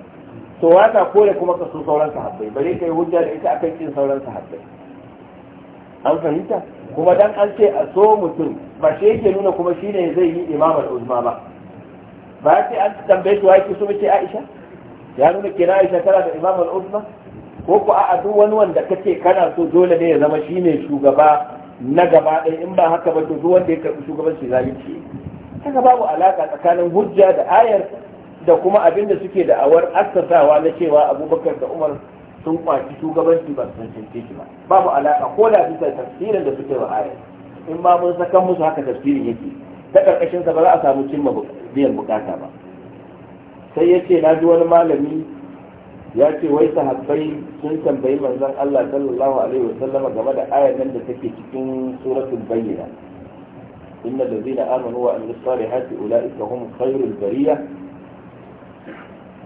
to wata kore kuma ka so sauran sahabbai hujja da ita akan kin sauran an fahimta kuma dan an ce a so mutum ba shi yake nuna kuma shi ne zai yi imamar uzma ba ba ya ce an tambaye su haiki su mace aisha ya nuna kira aisha tara da imamar uzma ko ku a duk wani wanda kace kana so dole ne ya zama shi ne shugaba na gaba ɗaya in ba haka ba to duk wanda ya karɓi shugabanci zalunci haka babu alaka tsakanin hujja da ayar da kuma abin da suke da awar assasawa na cewa abubakar da umar sun kwaci shugabanci ba su cancance shi ba babu alaka ko da bisa tafsirin da suke wa aya in ma mun sakan musu haka tafsirin yake ta karkashin sa ba za a samu cimma biyan bukata ba sai yace na ji wani malami ya ce wai sahabbai sun tambayi manzon Allah sallallahu alaihi wasallam game da ayar nan da take cikin suratul bayyina inna allazina amanu wa amilus salihati ulaika hum khairul bariya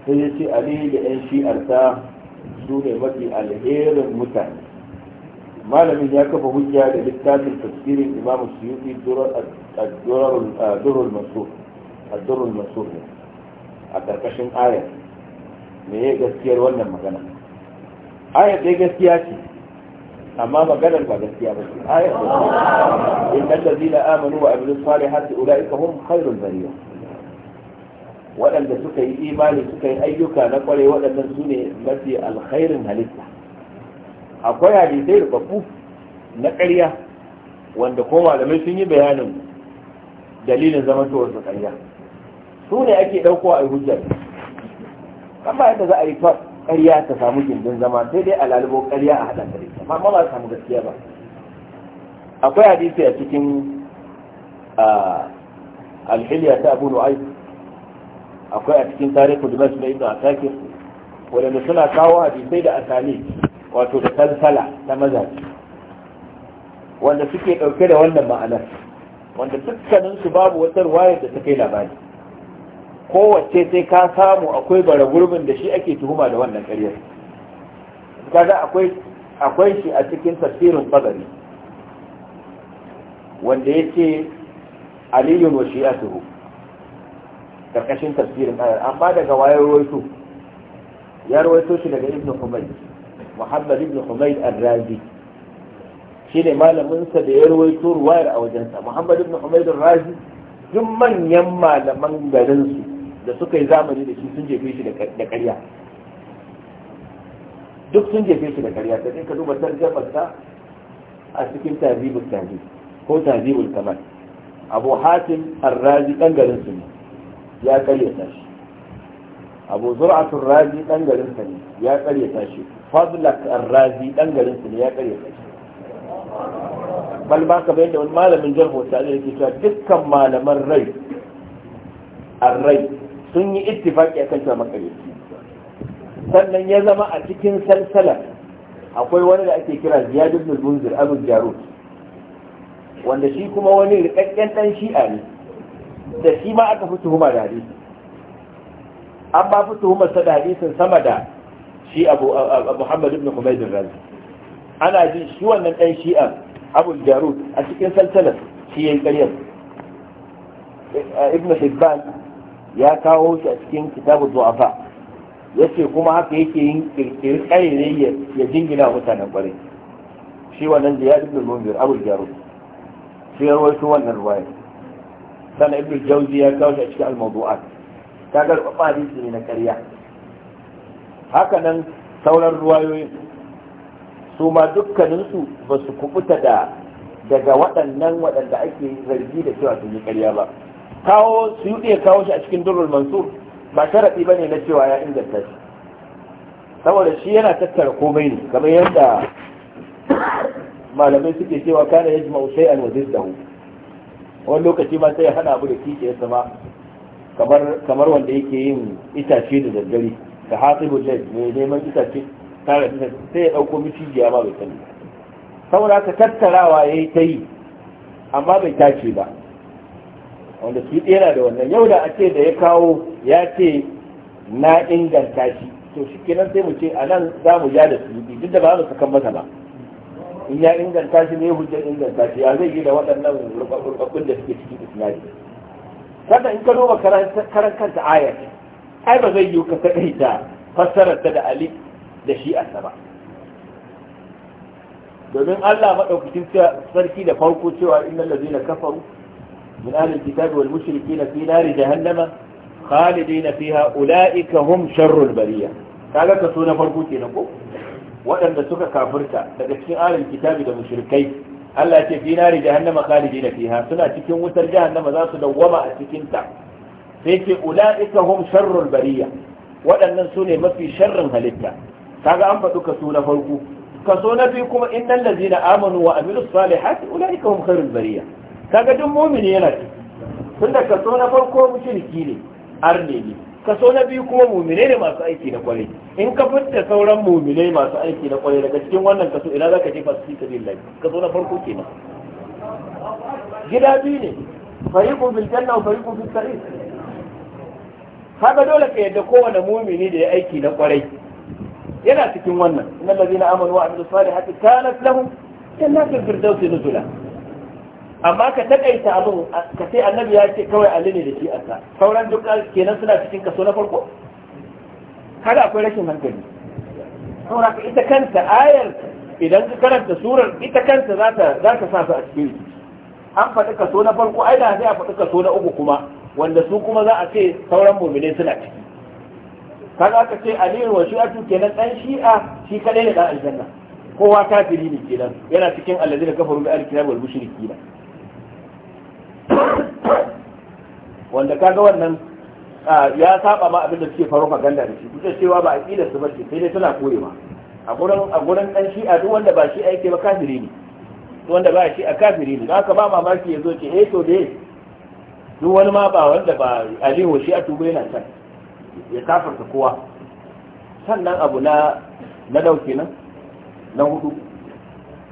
sai ya ce ali da yan shi'arta su ne mafi alherin mutane malamin ya kafa hujja da littafin tafsirin imamu su yi ne a ƙarƙashin ayar me ya gaskiyar wannan magana ayar dai gaskiya ce amma maganar ba gaskiya ba ce ayar da in zina amanu wa amilus salihati ulaika hum khairul bariyah waɗanda suka yi imani suka yi ayyuka na kwarai waɗannan su ne mafi alkhairin halitta akwai hadisai babu na ƙarya wanda ko malamai sun yi bayanin dalilin tuwar su ƙarya su ne ake ɗaukowa a hujjar amma yadda za a yi ƙarya ta samu gindin zama sai dai a lalubo ƙarya a haɗa ƙarya amma ba samu gaskiya ba akwai hadisi a cikin ah, alhiliya ta abu nu'ayi akwai a cikin tarihu da masu ibn asakir wadanda suna kawo hadisai da asali wato da salsala ta mazaji wanda suke dauke da wannan ma'anar wanda dukkanin su babu wata ruwayar da ta kai labari kowace sai ka samu akwai bara gurbin da shi ake tuhuma da wannan ƙaryar kaga akwai akwai shi a cikin tafsirin qadari wanda yace aliyun wa shi'atuhu karkashin tafsirin ayar amma daga wayar rawaito ya rawaito shi daga ibn humayd muhammad ibn humayd ar-razi shine malamin sa da ya rawaito ruwayar a wajensa muhammad ibn humayd ar-razi duk manyan malaman garin su da suka yi zamani da shi sun jefe shi da ƙarya duk sun jefe shi da ƙarya da ka duba tarjamar sa a cikin tazibul tazi ko tazibul kamal abu hatim ar-razi dan garin su ne ya karyata shi abu zur'atul razi dan garin sa ne ya karyata shi fadlak ar-razi dan garin sa ne ya karyata shi bal ba ka bayyana wani malamin jarhu ta ne yake cewa dukkan malaman rai ar-rai sun yi ittifaki akan cewa makaryaci sannan ya zama a cikin salsala akwai wani da ake kira ziyad ibn munzir abu jarud wanda shi kuma wani rikakken dan shi'a ne da shi ma aka fi tuhuma da hadisi an ba fi tuhumar sa da hadisin sama da shi abu muhammad ibn humaydin razi ana ji shi wannan ɗan shi'a abu jaru a cikin saltanas shi ya yi ƙaryar ibn hibban ya kawo shi a cikin kitabu du'afa ya ce kuma haka yake yin kirkiri ƙayyare ya jingina mutanen ƙwarai shi wannan ziyar ibn mumbir abu jaru shi ya rawaito wannan ruwayar sannan ibn jauzi ya kawo shi a cikin al-mawdu'at kaga ba hadisi ne na ƙarya haka nan sauran ruwayoyin su ma dukkaninsu ba su kubuta da daga waɗannan waɗanda ake zargi da cewa sun yi ƙarya ba kawo su yi iya kawo shi a cikin durrul mansur ba sharaɗi ba ne na cewa ya inganta shi saboda shi yana tattara komai ne kamar yadda malamai suke cewa kana yajma'u shay'an wa ziddahu wani lokaci ma sai ya hana abu da kishiyarsa ma kamar wanda yake yin itace da daddare ka hatsi hujjai mai neman itace tare da sai ya ɗauko micijiya ma bai sani saboda ka tattarawa yayi ta yi amma bai tace ba wanda su yana da wannan yau da a ce da ya kawo ya ce na inganta shi to shi kenan sai mu ce a nan za mu ja da su duk da ba za mu sakan masa ba in ya inganta shi ne hujjar inganta shi ya zai yi da waɗannan rubabbun da suke cikin isnadi sannan in ka duba karan kanta ayar ai ba zai yi ka kaɗai da fassarar ta da ali da shi a ba domin Allah madaukakin sarki da farko cewa innal ladina kafaru min ahli alkitabi wal mushrikeena fi nari jahannama khalidina fiha ulaika hum sharrul bariya kaga ka so na farko kenan ko waɗanda suka kafirta daga cikin alin kitabi da mushrikai Allah ya ce fi nari jahannama na fiha suna cikin wutar jahannama za su dawwama a cikin ta sai ce ulaika hum sharrul bariya waɗannan su ne mafi sharrin halitta kaga an faɗi kaso na farko kaso na biyu kuma innal ladzina amanu wa amilus salihati ulaika hum khairul bariya kaga duk mu'mini yana ciki tunda kaso na farko mushriki ne arne ne kaso na biyu kuma mumine ne masu aiki na kwarai in ka fitta sauran mumine masu aiki na kwarai daga cikin wannan kaso ina zaka je fasu fi sabilillah kaso na farko ke kenan gida biyu ne fariqun bil janna wa fariqun fis sa'ir haka dole ka yadda kowane mumini da ya aiki na kwarai yana cikin wannan innal ladina amanu wa amilus salihati kanat lahum jannatul firdausi nuzula amma ka takaita abin ka sai annabi ya ce kawai alli ne da shi asa sauran duk kenan suna cikin kaso na farko kada akwai rashin hankali saboda ita kanta ayar idan ka karanta surar ita kanta za ta sa su a cikin an faɗi kaso na farko ai da sai a faɗi kaso na uku kuma wanda su kuma za a ce sauran mu'mine suna ciki kaga aka ce aliyu wa shi'atu kenan dan shi'a shi kadai ne dan aljanna kowa kafiri ne kenan yana cikin alladina kafaru bi alkitabi wal mushrikina. wanda kaga wannan ya saba ma abin da suke faro maganda da shi kusa cewa ba a aqidar su bace sai dai tana koyewa a gurin a gurin dan shi'a duk wanda ba shi yake ba kafiri ne wanda ba shi a kafiri ne haka ba mamaki ya zo ce eh to dai duk wani ma ba wanda ba alihu shi a tuba yana can ya kafarta kowa sannan abu na na dauke nan na hudu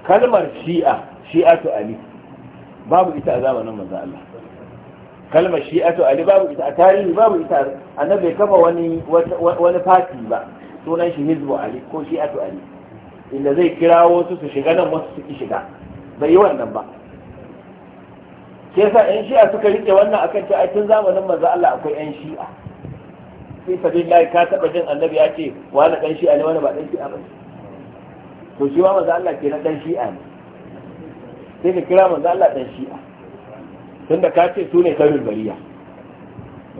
kalmar shi'a shi'atu ali babu ita a zamanin manzo Allah kalmar shi'atu ali babu ita a tarihi babu ita annabi bai kafa wani wani fati ba sunan shi hizbu ali ko shi'atu ali inda zai kirawo su su shiga nan wasu su ki shiga bai yi wannan ba Ke sa yan shi'a suka rike wannan akan a tun zamanin manzo Allah akwai yan shi'a sai lai ka taba jin annabi ya ce wani dan shi'a ne wani ba dan shi'a ba to shi ma manzo Allah na dan shi'a ne sai ka kira manzo Allah dan shi'a tunda ka ce su ne khairul bariya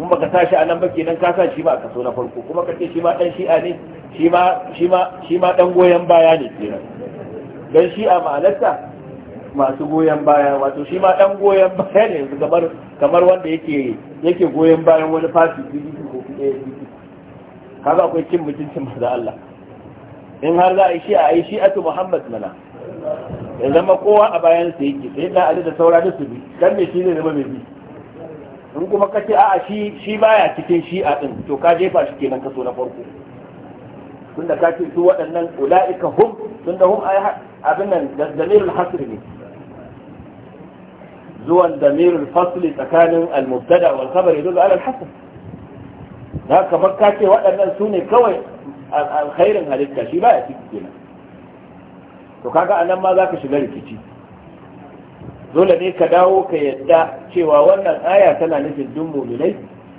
in baka tashi a nan ba kenan ka sa shi ba a kaso na farko kuma ka ce shi ma dan shi'a ne shi ma shi ma shi ma dan goyen baya ne kenan dan shi'a ma'anarta masu goyen baya wato shi ma dan goyen baya ne yanzu kamar kamar wanda yake yake goyen bayan wani fasi ko kaga akwai cin mutuncin manzo Allah in har za a yi shi'a a yi shi'atu Muhammad mana ya zama kowa a bayan sa yake sai da ali da saura da su bi dan me shi ne zama mai bi in kuma ka ce a'a shi shi baya cikin a din to ka jefa shi kenan kaso na farko tun tunda ka ce su waɗannan ula'ika hum tunda hum abin nan da damirul hasri ne zuwan damirul fasli tsakanin al-mubtada wal khabar yadullu ala al-hasr da kamar ka ce waɗannan su ne kawai alkhairin halitta shi baya ciki kenan to kaga anan ma za ka shiga rikici dole ne ka dawo ka yadda cewa wannan aya tana nufin dun muminai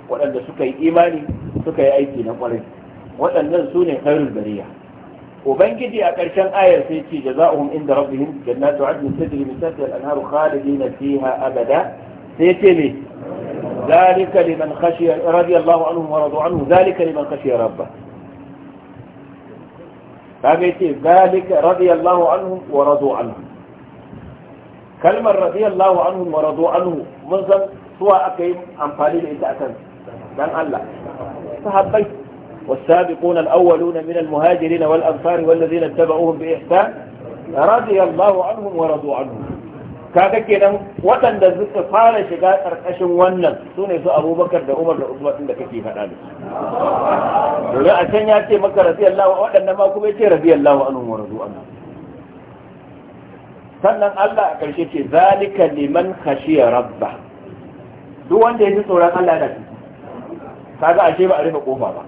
waɗanda suka yi imani suka yi aiki na ƙwarai waɗannan su ne khairul bariya ubangiji a ƙarshen ayar sai ce jaza'uhum inda rabbihim jannatu adnin tajri min tahtiha al-anharu khalidina fiha abada sai ce ne zalika liman khashiya radiyallahu anhu wa radu anhu zalika liman khashiya rabbah kaga yace zalika radiyallahu anhum wa radu anhu kalmar radiyallahu anhum wa radu anhu mun san suwa aka yi amfani da ita akan dan Allah sahabbai والسابقون الأولون من المهاجرين والأنصار والذين اتبعوهم بإحسان رضي الله عنهم ورضوا عنهم kaga kenan waɗanda suka fara shiga ƙarƙashin wannan su ne su abubakar da umar da usman da kake faɗa da su domin a can ya ce maka radiyallahu waɗanda ma kuma ya ce radiyallahu anhu wa radu anhu sannan Allah a ƙarshe ce zalika liman khashiya rabba duk wanda ya ji tsoron Allah da shi kaga ashe ba a rufe kofa ba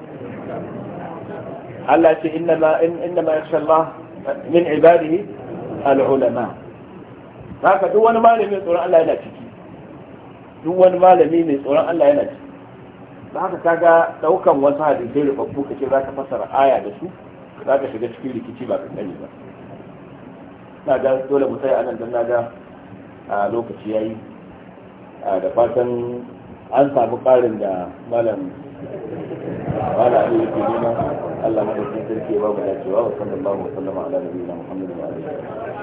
Allah ce inna ma inna ma yasha min ibadihi al-ulama haka duk wani malami mai tsoron Allah yana ciki duk wani malami mai tsoron Allah yana ciki da haka ga daukan wasu hadisai rubabbu kace zaka fasara aya da su zaka shiga cikin rikici ba kankani ba na ga dole mu sai anan dan naga a lokaci yayi da fatan an samu karin da malam wala ne yake nuna Allah madaukakin sarki ya ba mu dacewa wa sallallahu alaihi wa sallam ala nabiyina Muhammadin wa alihi